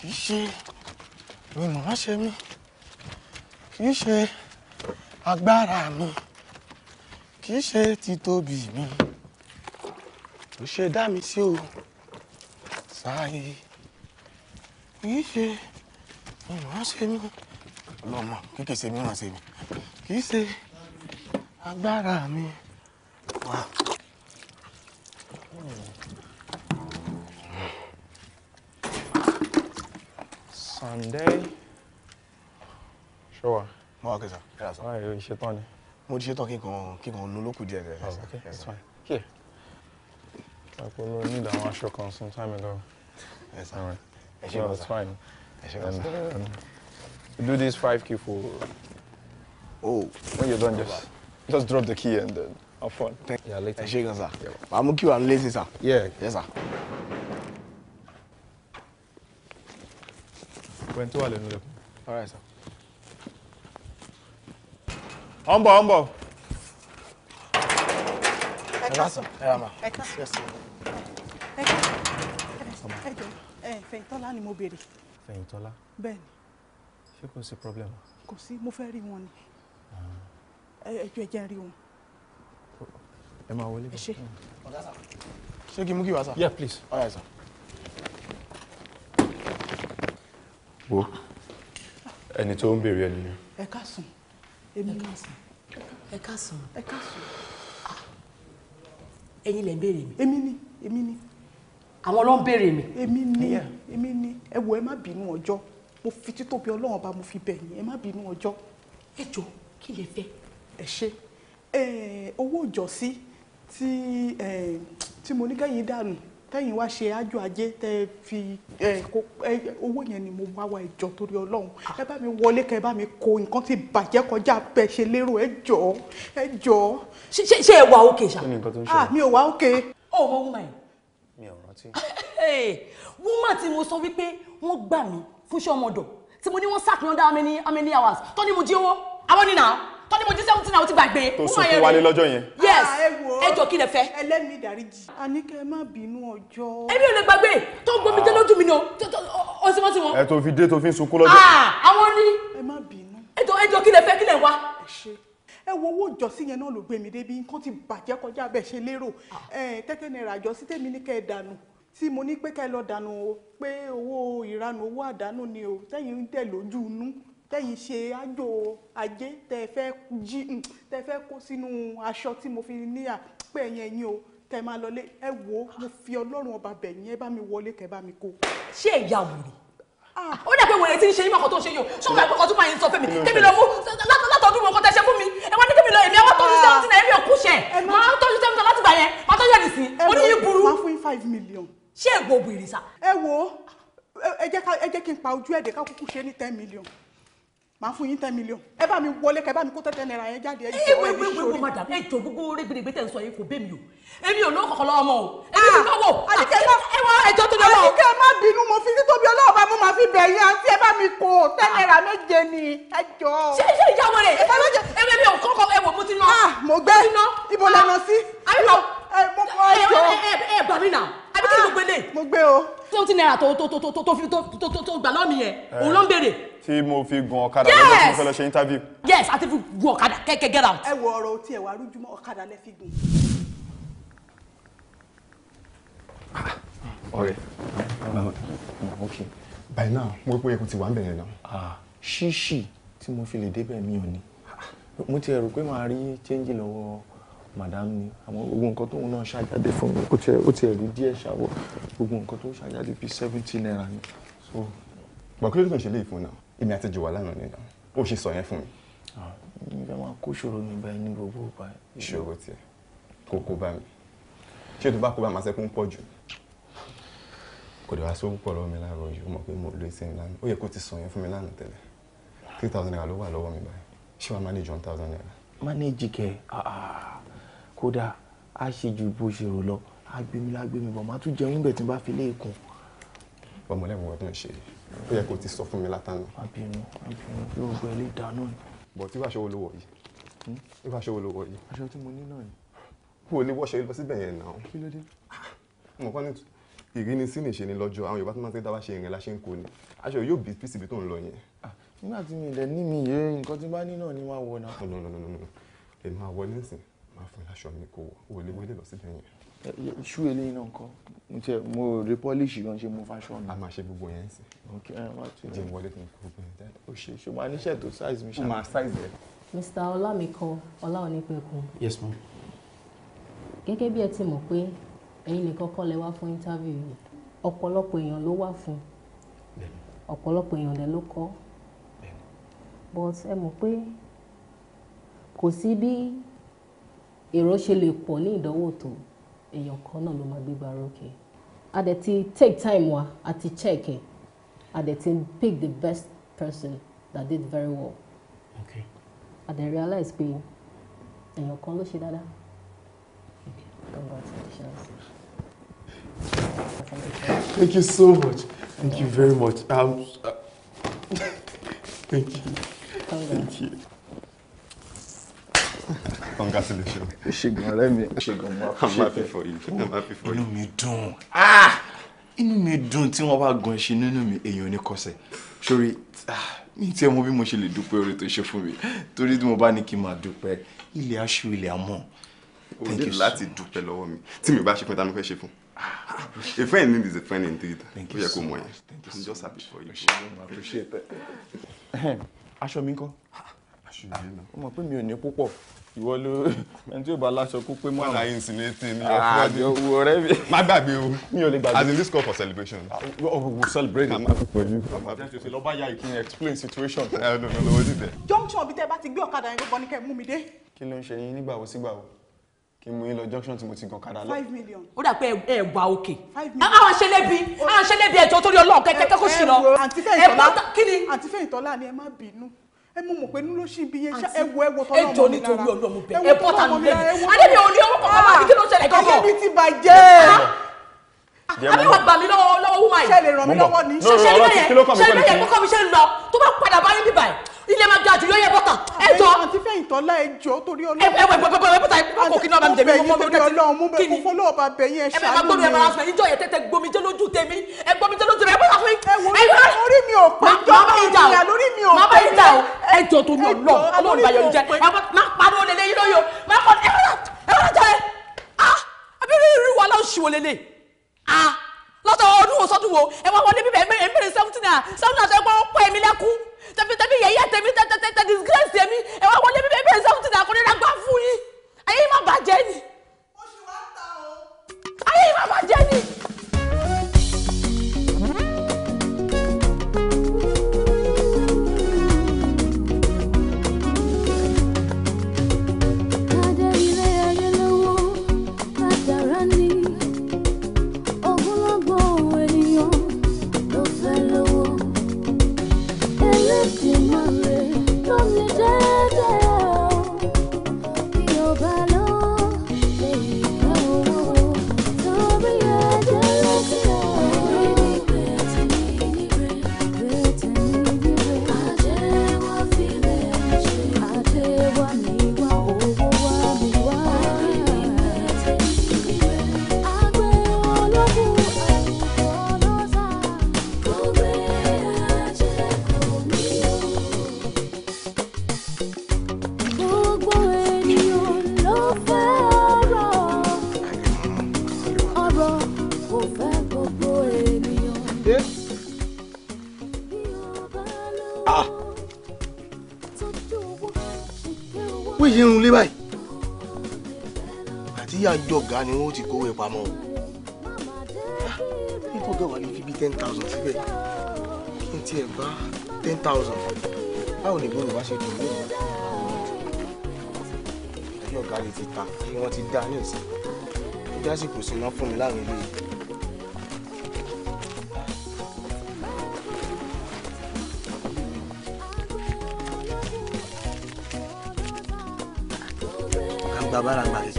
Speaker 3: kì í ṣe ìrònú ránṣẹ mi kì í ṣe agbára mi kì í ṣe títóbi mi kò ṣe dá mi sí o sáyé kì í ṣe ìrònú ránṣẹ mi lọmọ kí kìí ṣe mi ránṣẹ mi kì í ṣe agbára mi. Sunday. Sure. Mo wà kẹsàn. Yàrá sọ. Báyọ̀ yóò ṣe tán ni. Mo ti ṣe tán kí n kàn kí n kàn lo olókù díẹ̀ díẹ̀. Oh, okay, that's fine. Here. Àpò ló ní ìdáhùn
Speaker 4: aṣọ kan some time ago. Yes, sir. All right. Ẹ ṣe kọ́ sá. That's fine. Um, do this 5 key for.
Speaker 3: Oh. When you're done, just just drop the key and then. Have fun. Thank you. Yeah, later. Ẹ ṣé gan sir. Màá mú kí wàá nílé sir. Yeah. Yes sir. Wẹ́n tó Allen. All right sir.
Speaker 9: Ó ń bọ̀, ó ń bọ̀.
Speaker 4: Ẹ Yes sir. Ẹ káàsán. Ẹ
Speaker 1: jọ ẹ Fẹ̀yìntọ́lá ni mo béèrè.
Speaker 4: Fẹ̀yìntọ́lá. Bẹ́ẹ̀ni. Ṣé kò sí problem?
Speaker 1: Kò sí, mo fẹ́ rí wọn ni. Ah. Ẹ jọ ẹ jẹ́ rí wọn ẹ máa wọlé bọ̀.
Speaker 3: ṣé kí n mú kí wá sá. yeah please. all right sir. wo ẹni tó ń béèrè ẹni yẹn.
Speaker 1: ẹ ká sùn èmi ká sùn ẹ ká sùn ẹ ká sùn. Ah, ẹ̀yin lẹ ń béèrè mi. èmi ni èmi ni.
Speaker 5: àwọn ló ń béèrè mi. èmi ni
Speaker 1: èmi ni ẹ wo ẹ má bínú ọjọ́ mo fi títóbi ọlọ́run ọba mo fi bẹ̀ yín ẹ má bínú ọjọ́. ẹ jọ kí lè fẹ́. ẹ ṣe owó ìjọsí tí tí mo ní kẹ́yìn dànù tẹ́yìn wá ṣe ájò ajé tẹ́ fi owó yẹn ni mo wá wa ìjọ torí ọlọ́run ẹ bá mi wọlé kẹ́ ẹ bá mi kó nǹkan tí bàjẹ́ kọjá bẹ́ ṣe lérò ẹ jọ̀ọ́ ẹ jọ̀ọ́. ṣé ṣé ẹ wà òkè ṣá. kí ni nǹkan tó ń ṣe. Ah, mi ò wà òkè. o mọ wúmà yìí. mi ò rántí.
Speaker 5: wúmà tí mo sọ wípé wọ́n gbà mí fún ṣọ́mọdọ̀ tí mo ní wọ́n sàkínyàn dá how many how many hours tó ní mo jí owó àwọn nínà tọ́ ni mo dín seventeen àwọn ti gbàgbé. tó sùn fún wálé lọ́jọ́ yẹn. yes ah, ẹjọ kí lè fẹ́. ẹlẹ́mìí dáríjì.
Speaker 1: àníkẹ́ má bínú ọjọ́.
Speaker 5: ẹbí ò lè gbàgbé tó ń gbomi jẹ́
Speaker 1: lójú mi ni o ó sì mọ́ sí wọn.
Speaker 3: ẹ tó fi dé tó fi ń sunkún lọ́jọ́. Ah,
Speaker 1: àwọn ni. ẹ má bínú. ẹjọ kí lè fẹ́ kí lè wá. ẹ ṣe ẹ wo owó ìjọsí yẹn náà ló gbé mi débi nǹkan ti bàjẹ́ kọjá bẹ́ẹ̀ ṣe lérò ah. tẹ́tẹ́ náírà àjọsí tèmi ní kẹ́ ẹ dànù tí mo ní pé kẹ́ ẹ lọ dànù pé owó ìranù owó àdánù ni o tẹ́yìn ń tẹ̀ lójú inú tẹ́yìn ṣe àjò ajé tẹ́ fẹ́ jí mm, tẹ́ fẹ́ kó sínú aṣọ tí mo fi níyà pé ẹ̀yìn ẹ̀yìn o tẹ́ máa lọlé ẹ wo mo fi ọlọ́run ọba bẹ̀yìn ẹ bá mi wọlé kẹ́ bá mi kó. ṣé ìyá wòrè
Speaker 5: ah. ó dà pé wòye tí ń ṣe yín mọ̀kàn tó ń ṣe yín o ṣé wọn àgbẹ̀kọ̀ tún máa ń sọ fún mi kémi lọ mú látọ̀dún mọ̀kàn tẹ́ ṣe fún mi ẹ wá ní kémi lọ èmi àwọn tọ́jú ah. sẹ́wọ́ntì náà èmi ò kúṣẹ̀ máa tọ́jú sẹ́wọ́ntì láti gbà yẹn
Speaker 1: máa tọ́jú ẹ̀ nìsín ó ní yín burú. máa fún yín five million. ṣé ègbò obìnrin sá. ẹ wo ẹ jẹ́ kí n pa ojú ẹ̀dẹ̀ ká kúkú ṣe ní ten million màá fún yín ten million ẹ bá mi wọlé ká ẹ bá mi kó tẹ́tẹ́ náírà yẹn jáde. ẹ wẹ wẹ wẹ wọ madam
Speaker 5: ẹ jọ gbogbo rẹgbẹrẹgbẹ tẹ n sọ yìí kò bẹ mi o èmi ò lọ́wọ́ kọ̀ọ̀kan lọ́wọ́ mọ́ o èmi ti ah, lọ́wọ́ àti ẹ wọ ẹjọ́ tó lọ́wọ́. àti
Speaker 1: kẹ́ bínú mo fi títóbi ọlọ́ọ̀bá mo máa fi bẹ̀rẹ̀ yẹn àti ẹ bá mi kó tẹ́ ah. náírà méje ni ẹ jọ. ṣé ṣé ìyàwó rẹ ẹ
Speaker 5: wẹ mi ò kọ́kọ́ ẹ wò mo ti ná. Ah, mo gbẹ ibo lẹ́nu sí. ẹ ẹ ẹ bà mí kí ni mo gbélé. mo gbé o. seventeen naira tó tó tó tó tó fi tó tó gbà lọ́mì yẹn eh. òun ló ń béèrè.
Speaker 3: tí mo fi gun ọ̀kadà lọ́dọ̀ tí mo fẹ́ lọ ṣe interview.
Speaker 1: yes àti fi gun ọ̀kadà kẹ́kẹ́ get out. ẹ wo ọ̀rọ̀ otí ẹ wà rújúmọ́ ọ̀kadà lẹ fi gun.
Speaker 3: Ah, ọ̀rẹ́ ah, ah, okay by now mo rí pé ẹkùn ti wà ń bẹ̀rẹ̀ náà. ṣíṣì tí mo fi lè débẹ̀ mi ò ní mo ti rò pé màá rí change lọ́wọ́ madam ni àmọ́ gbogbo nǹkan tóun náà ṣàjáde fún mi ó tiẹ̀ ó tiẹ̀ rí díẹ̀ ṣàwọ̀ gbogbo nǹkan tó ṣàjáde bíi seventy naira ni. bọ̀ kí ló tó ń ṣe léyìí fún náà èmi àti jùwà lánàá nìyà ó ṣe sọ yẹn fún mi. Ah, mi fẹ́ máa kó ìṣòro mi bá ẹ ní gbogbo ìgbà. ìṣòro tiẹ̀ kó kó bá mi ṣé tó bá kó bá máa sẹ́kún pọ̀ jù kò dé wá sówó pọ̀ lọ́wọ́ mi láàárọ̀ yìí ó mọ̀ pé mo lo ìsinmi lánàá ó yẹ kó ti sọ three thousand naira ló wà lọ́wọ́ mi báyìí ṣé thousand naira. manage kẹ ah, ah kódà á ṣe ju bó ṣe rò lọ á gbé mi lágbé mi bọ̀ má tún jẹun bẹ̀ tí n bá fi lé èkó. ọmọlẹ́wọ̀n ọdún ṣe ó yẹ kó o ti sọ fún mi látànà.
Speaker 4: àbínú àbínú yóò
Speaker 3: gbẹ ilé ìdáná ni. bọ̀ tí wàṣọ olówó yìí hmm? tí wàṣọ olówó yìí. aṣọ tí mo ní náà ni. kó o lè wọṣọ lọ síbẹ̀ yẹn náà. kí ló dé. mo kọ́ ni ìrínisí nìṣe ni lọ́jọ́ àwọn Yorùbá tó máa ń tẹ́ dábàá ṣe ìrìn la ṣe ń kó ni aṣọ yóò bí písìbí tó ń lọ yẹn ah, nígbà tí mi ilẹ̀ ní mi yé nǹkan tí bá ní náà ni máa wọ náà. no máa wọ nísìn máa fún láṣọ mi kó o lè wọlé lọ síbẹ̀ yẹn. ṣú eléyìí náà nǹkan mo tiẹ̀ mo rí pọ́líṣì gan ṣe mo fáṣọ mi. a máa ṣe gbogbo yẹn sí. ok ẹ má tu jẹ wọlé fún kó bẹ jáde. o ṣe ṣe máa níṣẹ́ tó size mi ṣáà. máa size ẹ.
Speaker 6: Mr. Ọlámikọ Ọláonípẹ̀kun. yes ma'am. gẹ́gẹ́ bí ẹ ti mọ̀ pé ẹ̀yin nìkan kọ́ lẹ wá fún interview yìí ọ̀pọ̀lọpọ̀ èèyàn ló wá fún ọ̀pọ̀lọpọ̀ èèyàn dẹ̀ ló kọ́ but ẹ mọ̀ pé kò sí bí èrò ṣe lè pọ̀ ní ìdánwò tó èèyàn kan náà ló máa gbé ba rókè a dẹ̀ ti take time wa a ti check ẹ̀ a dẹ̀ ti pick the best person that did very well okay. a dẹ̀ realize pé èèyàn kan ló ṣe dáadáa
Speaker 3: Thank you so much. Thank you very much. Um, uh, [LAUGHS] thank you. Thank you congratulations. ṣègùn ọ̀rẹ́ mi ṣègùn i'm happy for you i'm happy for you. inú mi dùn ah!
Speaker 4: inú mi dùn tí wọ́n
Speaker 3: bá gan ṣe nínú mi èèyàn ní kọsẹ̀ sórí ah, mi tiẹ̀ mọ̀ bí mo ṣe lè dúpẹ́ oore tó ṣe fún mi torí tí mo bá ní kí n máa dúpẹ́ ilé aṣọ ilé amọ̀.
Speaker 8: o ní láti
Speaker 3: dúpẹ́ mi tí mi bá ṣe fún ta ló fẹ́ ṣe fún. Ah. a friend need is a friend indeed ó yẹ kó mọ̀ yẹn i'm just happy for you. aṣọ mi kọ́ ọmọ pé mi ò ní púpọ̀ ìwọ ló ẹni tí ò bá láṣọ kó pé mọ́ àwọn. wọn àyè ìsìnlẹ̀tì ni ọ̀fọ́dé àjọ ọ̀rẹ́ mi. má gbàgbé o mi ò lè gbàgbé. as in this call for celebration. o ah, we oh, celebrate am happy for you. lọ́ba ya ìkíni explain situation. Eh, ẹ ló ló wọ́n ti bẹ̀.
Speaker 1: junction ọbí tẹ bá ti gbé ọ̀kadà yẹn gbogbo ní kẹ́ mú mi dé.
Speaker 3: kí ló ń ṣe yín nígbàwo sígbàwo kí mú yín lọ junction tí mo ti gàn kadà lọ. five million. ó dà pé ẹ wà òkè.
Speaker 1: five million. àwọn ṣẹlẹ́bi àwọn ṣẹlẹ́bi ẹ̀jọ̀ torí ọlọ́ọ̀kẹ́ kẹ́kẹ́ kó sí lọ. àǹtí fẹ́yìntọ́lá kí ni. àǹtí fẹ́yìntọ́lá ni ẹ má bínú ẹ mú mọ̀ pé nínú ló ṣì ń bí yẹn ṣá ẹwọ ẹwọ tọ́lọ́ mi lára ẹjọ́ nítorí ọlọ́run mo bẹ̀ ẹ bọ́ mi bẹ́ẹ̀ adébíyẹ òní owó kọ̀ọ̀kan
Speaker 5: wà ní ló ṣẹlẹ̀ kọ́kọ́ ayé mi
Speaker 1: ti bàjẹ́
Speaker 5: ah, àbí gbà mí lọ́wọ́ lọ́wọ́ wúmá yìí ràn mí lọ́wọ́ ní ṣẹṣẹ́ níbẹ̀ yẹn
Speaker 1: mi ṣe lọ tó bá padà bá yín bíbà yìí ilé máa jọ àti yóò yẹ bọ́tà ẹ jọ. ẹ ẹ wẹ bọ́tà ẹ bọ́tà ọkọ̀ kí ni ọba mi tẹ̀lé ọmọ mi tẹ̀lé ọlọ́run mú
Speaker 5: bẹ́ẹ̀
Speaker 1: ẹ bá gbọ́dọ̀ ẹ máa
Speaker 5: sọ ìjọ yẹn tẹ́tẹ́ gbomi jẹ́ lójú tèmi ẹ gbomi jẹ́ lójú rẹ̀ ẹ bọ́tà fún mi. ẹ wo orí mi ò pé jọ ìyá lórí mi ò pé ẹ jọ torí ọlọ́run ọlọ́run bá yọjú jẹ ẹ má pariwo lele yín lóyò má kọ́ ẹ bọ́tà ẹ bọ́tà jẹ ah abẹ́rẹ́ irú wa láwọn ṣ lọ́tọ̀ ọdún wo sọ́dún wo ẹ wá wọlé bíbẹ̀ ẹ bẹ̀rẹ̀ seventy naira seventy naira tẹ́gbọ́n pọ̀ ẹ̀mí lẹ́kú tẹ̀mítẹ̀mí yẹ̀yẹ́ tẹ̀mí tẹ̀tẹ̀tẹ̀ disgrace tẹ̀mí ẹ wá wọlé bíbẹ̀ ẹ bẹ̀rẹ̀ seventy naira kò ní ra gbá fún yín ayé yìí má bàjẹ́ ni ayé yìí má bàjẹ́ ni.
Speaker 3: ọ̀gá ni wọ́n ti kówó ìpamọ́ o nípa ah, ọ̀gá wà ní fi bí ten thousand síbẹ̀ kí n tiẹ̀ bá ten thousand báwo ni ìgbóhùn wá ṣe dùn lónìí ìdájọ́ ọ̀gá lè ti ta kí wọ́n ti dá ní ìsìn ìdí àsìkò sí iná fún mi láwọn ilé yìí. gbàgbára gbàgbé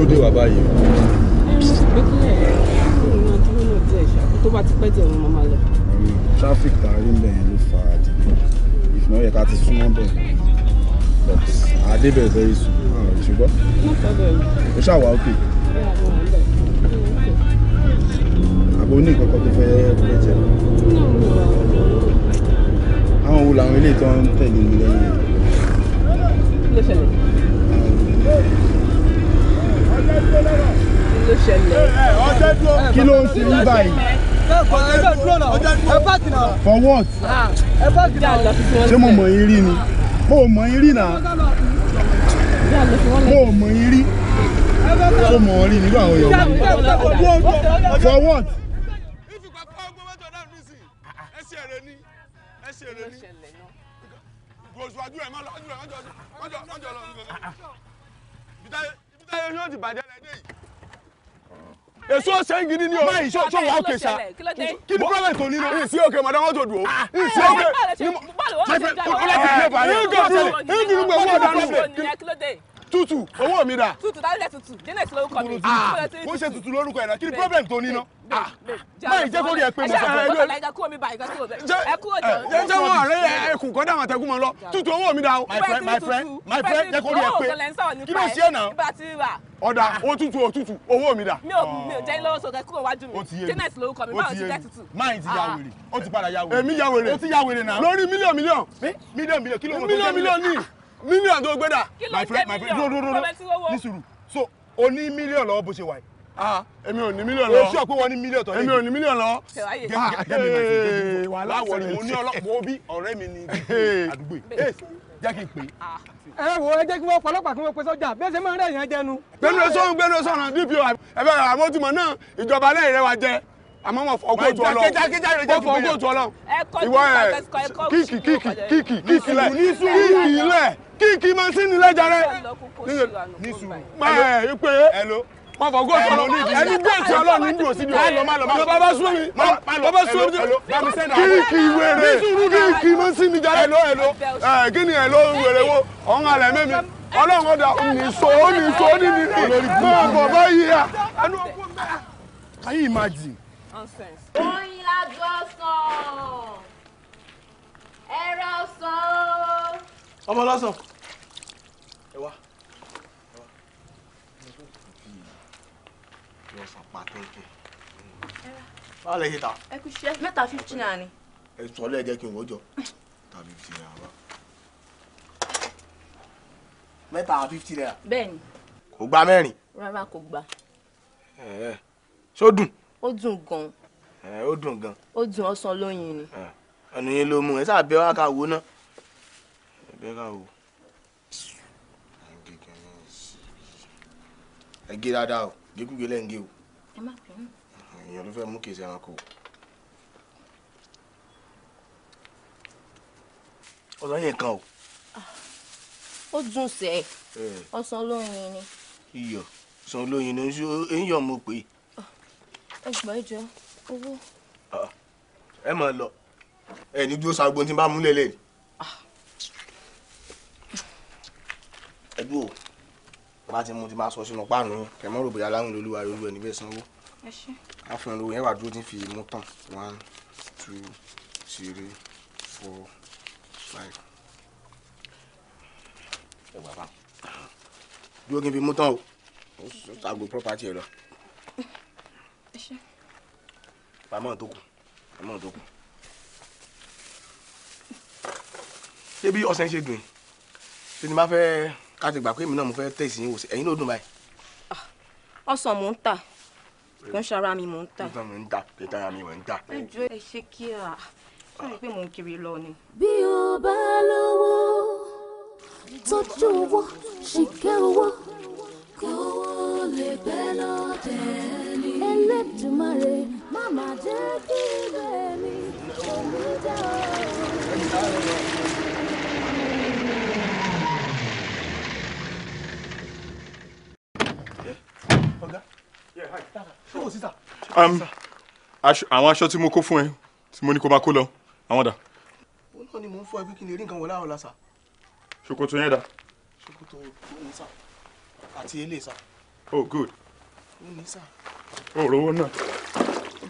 Speaker 9: dúró dé wà báyìí.
Speaker 5: tó bá ti pẹ́ tẹ̀ wọ́n máa lọ.
Speaker 9: traffic tá a rí bẹ́ẹ̀ ló fa àdìgbò ìfúnná yẹ ká ti súnmọ́ bẹ́ẹ̀ but àdébẹ̀ very soon ṣùgbọ́n ó ṣàwà òkè.
Speaker 3: àbò ní ìkọ̀kọ̀ tó fẹ́ fẹ́ jẹ. àwọn wo làwọn ilé ìtàn ń tẹ̀lé lẹ́yìn
Speaker 9: kí ló ń ṣe yín báyìí.
Speaker 3: for what. Ah, ṣé mo mọ̀ yín rí ni mo ò yín rí náà
Speaker 1: mo ò yín rí mo mọ̀ yín rí nígbà àwọn for what.
Speaker 3: no wa okay sa kí ni problem tó nínú. n sí òkè madam wọn tó dùn o n sí òkè. báwo ló ń ṣe dáná. ọlọ́ọ̀tì ìgbẹ́ bàálẹ̀. n kò dùn n kò dùn gbẹ̀ wọ́n dáná tútù owó mi dà. tútù
Speaker 5: dálẹ̀ tútù Janet ah, lórúkọ mi.
Speaker 3: kò ṣe tútù lórúkọ ẹ̀ náà kí ni problem tó ní ná. báyìí ah, jẹ́ kó rí ẹ pé mo sọ̀rọ̀ ẹ lórí.
Speaker 5: ẹ kúrò mi báyìí ẹ kúrò jọ. jẹ́ wọ́n ọ̀rẹ́
Speaker 3: ẹkùn kọ́dá àwọn àtẹ̀gùn mọ́ lọ tútù owó mi dà o. my friend my friend my friend jẹ́ kó rí ẹ pé kí ló ṣe é náà ọ̀dà ó tútù ó tútù owó mi dà. mi ò ah. mi ò jẹ́
Speaker 5: lọ́wọ́ sọ̀rọ̀ kúrò wájú mi. ó ti yé mi Janet lórúkọ mi báwo ti jẹ́ tútù. máa ń ti ya wèrè ó ti padà ya wèrè. èmi ya wèrè
Speaker 3: ó ti ya wèrè náà. lórí mílíọ̀nù mílíọ̀nù. mílíọ̀nù mílíọ̀nù kí ló ń bọ̀ tó jẹ́ mílíọ̀nù. mílíọ̀nù mílíọ̀nù ni. Million tó gbé dà. kí ló ń jẹ́ mílíọ̀nù kọ́mẹ́ tí wọ́wọ́. nísùrù so o ní mílíọ̀nù lọ́wọ́ bó ṣe wà yìí. ah, ah èmi ò ní mílíọ̀nù lọ. o ṣọ pé wọ́n ní mílíọ̀nù tọ́lé. èmi ò ní million lọ. wàhálà wọlé mo ní ọlọ́pàá bí ọ̀rẹ́ mi ní àdúgbò yìí jẹ́ kí n pè é. Ah. ẹ wo ẹ jẹ́ kí wọ́n pọlọ́pàá kí wọ́n pe sọ́jà bẹ́ẹ̀ ṣe máa ń rẹ̀ yẹn jẹnu. gbẹnu sọ́run gbẹnu sọ̀rọ̀ dpo ẹ̀fẹ̀ àmójúmọ̀ náà ìjọba lẹ́yìn rẹ̀ wá jẹ àmọ́ wọn fọ ọgọ́ ọlọ́run ìwọ ẹ kíkì kíkì kíkì kíkì lẹ kíkì lẹ kíkì masini lẹ jàre máa ẹ pé wọn fọ ọgọ́ ọlọ́run ẹni gbé ọlọ́run ní dùn síbi ọ̀hún lọ bàbá sún bàbá sún kíkì wèrè kíkì masini jàre kí ni ẹ wèrè wo ọ̀hún alẹ́ mẹ́mi ọlọ́run ọ̀dà nìṣó nìṣó nìṣó máa bọ̀ báyìí à. Can you imagine?
Speaker 8: nonsense.
Speaker 7: oyin lájọ sàn ẹ̀rọ sàn.
Speaker 3: ọmọ lọ́sàn ẹ wá yóò san pàtẹ́kì. báwo lè ṣe ta.
Speaker 6: ẹ kú iṣẹ́ mẹ́ta fifty naira ni.
Speaker 3: ẹ sọ lẹ́ẹ̀jẹ́ kí n wọ́jọ tàbí fifty naira wa. mẹ́ta fifty naira. bẹ́ẹ̀ni. kò gba mẹ́rin. rárá kò gba. ṣó dùn
Speaker 6: ó dùn gan.
Speaker 3: ẹ ó dùn gan.
Speaker 6: ó dùn ọsàn lóyin ni.
Speaker 3: ọ̀nà yẹn ló mú ẹ sáà bẹ wá ká wo náà ẹ bẹ ká wo. ẹ gé dáadáa o gékúgé lẹ́ ń gé o. ẹ má bínú. èèyàn ló fẹ́ mú kèsì ẹranko. ọ̀sán yẹn kan o.
Speaker 6: ó dùn sẹ́ẹ̀ ọ̀sán lóyin ni.
Speaker 3: iyọ̀ ọ̀sán lóyin ni eyín yọ̀ mo pè
Speaker 6: ẹgbọ́n ìjọ owó.
Speaker 3: Ah, ẹ máa lọ ẹ ní dúró sagbon tí n bá mú lélẹ̀ ni. Ah. ẹ dúró bá ti mú ti máa sọ sínú páànù yín kẹ mọ rò bóyá láwọn olólùwà olú ẹ níbẹ̀ sanwó. ẹ ṣe. a fún yẹn wà dúró tí ń fi mú tán one two three four five. ẹ wà bá dúró kí n fi mú tán o ó property ẹ lọ pamọ́ tó kù pamọ́ tó kù. ṣé bí ọsàn ṣe dùn yìí ṣé ni máa fẹ́ ká ti gbà pé èmi náà mo fẹ́ tẹ̀sí yín wò sí ẹ̀yin ló dùn báyìí.
Speaker 5: Ah, ọsàn mò ń tà
Speaker 3: kò ń ṣara mi mò ń tà. ọsàn mò ń tà kò ń mi mò ń tà. ẹ
Speaker 7: jọ ẹ ṣe kí a sọ̀rọ̀ pé mò ń kiri lọ ni. bí o bá lówó tọ́jú owó ṣìkẹ́ owó kówó lè bẹ́ lọ́dẹ̀ẹ́lì. ẹlẹ́dùnmáre. Um, jẹ́ kí ibẹ̀ mi kò ní jà ọ́.
Speaker 3: àwọn aṣọ tí mo kó fún ẹ tí mo ní kó máa kó lọ àwọn dà. ó náà ni mò ń fọ ẹbí kí ni rí nǹkan wọlé àwọn làṣà. ṣòkòtò yẹn dà. ṣòkòtò òun sà àti ilé sà. oh good. òun ní sà. ó oh, rówó náà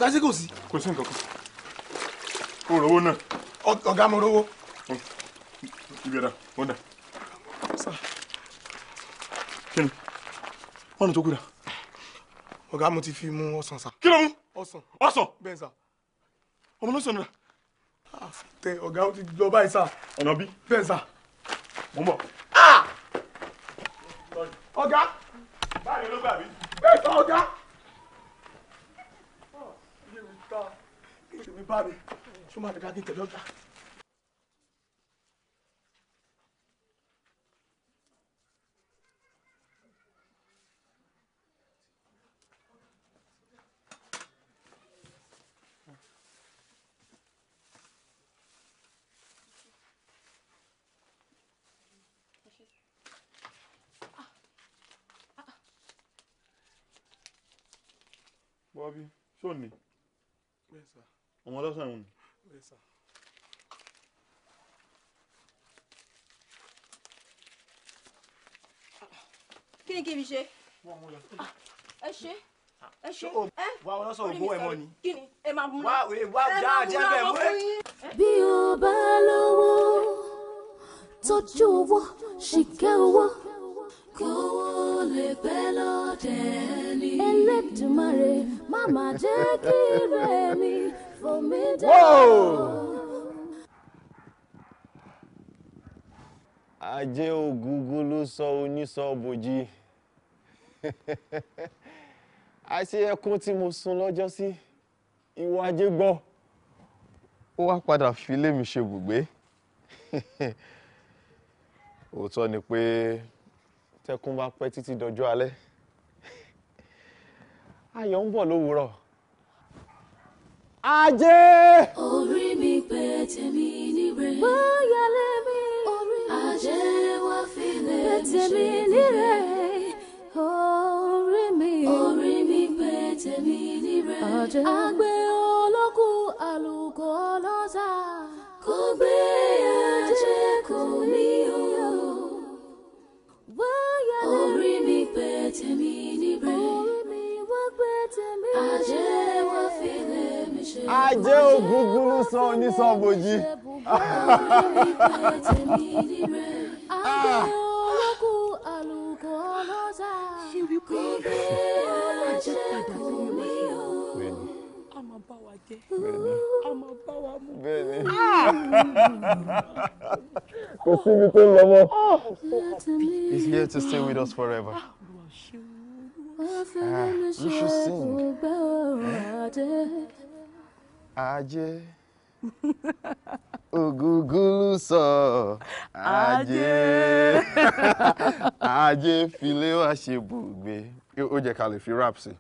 Speaker 3: ọ̀gá se kò sí. kò sí nǹkan kan o rówó náà. ọ̀gá mo rówó. ibi ẹ̀dá wọ́n dà. kí ni wọ́n nù tó kú dà. ọ̀gá mo ti fi mú ọsàn sá. kí ló mú. ọsàn. ọsàn. bẹ́ẹ̀ sá. ọmọ ló sọ nira. Ah, àfitẹ ọ̀gá ó ti lọ báyìí sá. ọ̀nà bí. bẹ́ẹ̀ sá. mo ń bọ̀. Ah! ọ̀gá. báyìí ló gbà mí. bẹ́ẹ̀ sọ ọ̀gá. mi bá mi ṣó máa dàgbà kí tẹ̀lé ọ̀gá. ọmọ ọlọ́sàn ọ̀hún ni.
Speaker 6: kí ni kí n fi ṣe. ẹ ṣe ẹ ṣe
Speaker 7: ẹ wá ọlọ́sàn ògbó ẹ̀ mọ́ ni.
Speaker 6: kí ni ẹ máa mú un. wá wá já jẹ́ bẹ́ẹ̀ wé.
Speaker 7: bí o bá lówó tọ́jú owó ṣìkẹ́ owó kówó lè pẹ́ lọ́dẹ̀ ni. Ẹlẹ́dùmarè má jẹ́ kí rẹ̀ mi. Whoa! me down.
Speaker 3: ajé ògúngún ló sọ onísọ̀bòjì [LAUGHS] àṣé ẹkún tí mo sun lọ́jọ́ sí ìwọ ajé gbọ́ ó wá padà fi ilé mi ṣe bùgbé [LAUGHS] òótọ́ ni pé tẹkún bá pẹ́ títí dọjọ́ alẹ́ [LAUGHS] ayọ̀
Speaker 7: ń bọ̀ lówùúrọ̀ ajé. orí mi pé tèmi níre. bóyá lèmi orí mi ajé wá filẹ̀ mi ṣe tèmi níre. orí mi orí mi pé tèmi níre. ajé àgbẹ̀ olókù àlùkò lọ́sà. kò gbé ajé kò ní o. bóyá lèmi orí mi pé tèmi níre. orí mi wá pé tèmi níre. ajé ajé
Speaker 3: ògúngún ló sọ onísọ̀bòjì.
Speaker 7: ṣé wípé ajé padà mm. tó lọ mọ́.
Speaker 2: Oh. he's here to stay with us forever. Ah, ah
Speaker 9: you should sing
Speaker 3: ajé ògúngúlù sọ ajé [LAUGHS] ajé filé wá ṣe bùgbé ó jẹ́ ká lè fi rap sí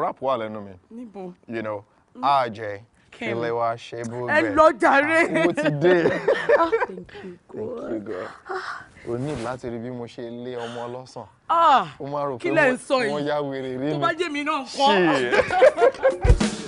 Speaker 3: rap wà lẹ́nu mi níbo you know mm. ajé filé wá ṣe bùgbé ẹ lọ
Speaker 5: jàre ah, mo ti dé [LAUGHS] ah,
Speaker 3: thank you thank you god ah. o ní láti rí bí mo ṣe lé ọmọ ọlọ́sàn
Speaker 5: ó
Speaker 3: máa rò pé wọ́n yá wèrè rí mi tó bá
Speaker 5: jẹ́ mi náà kọ́. [LAUGHS]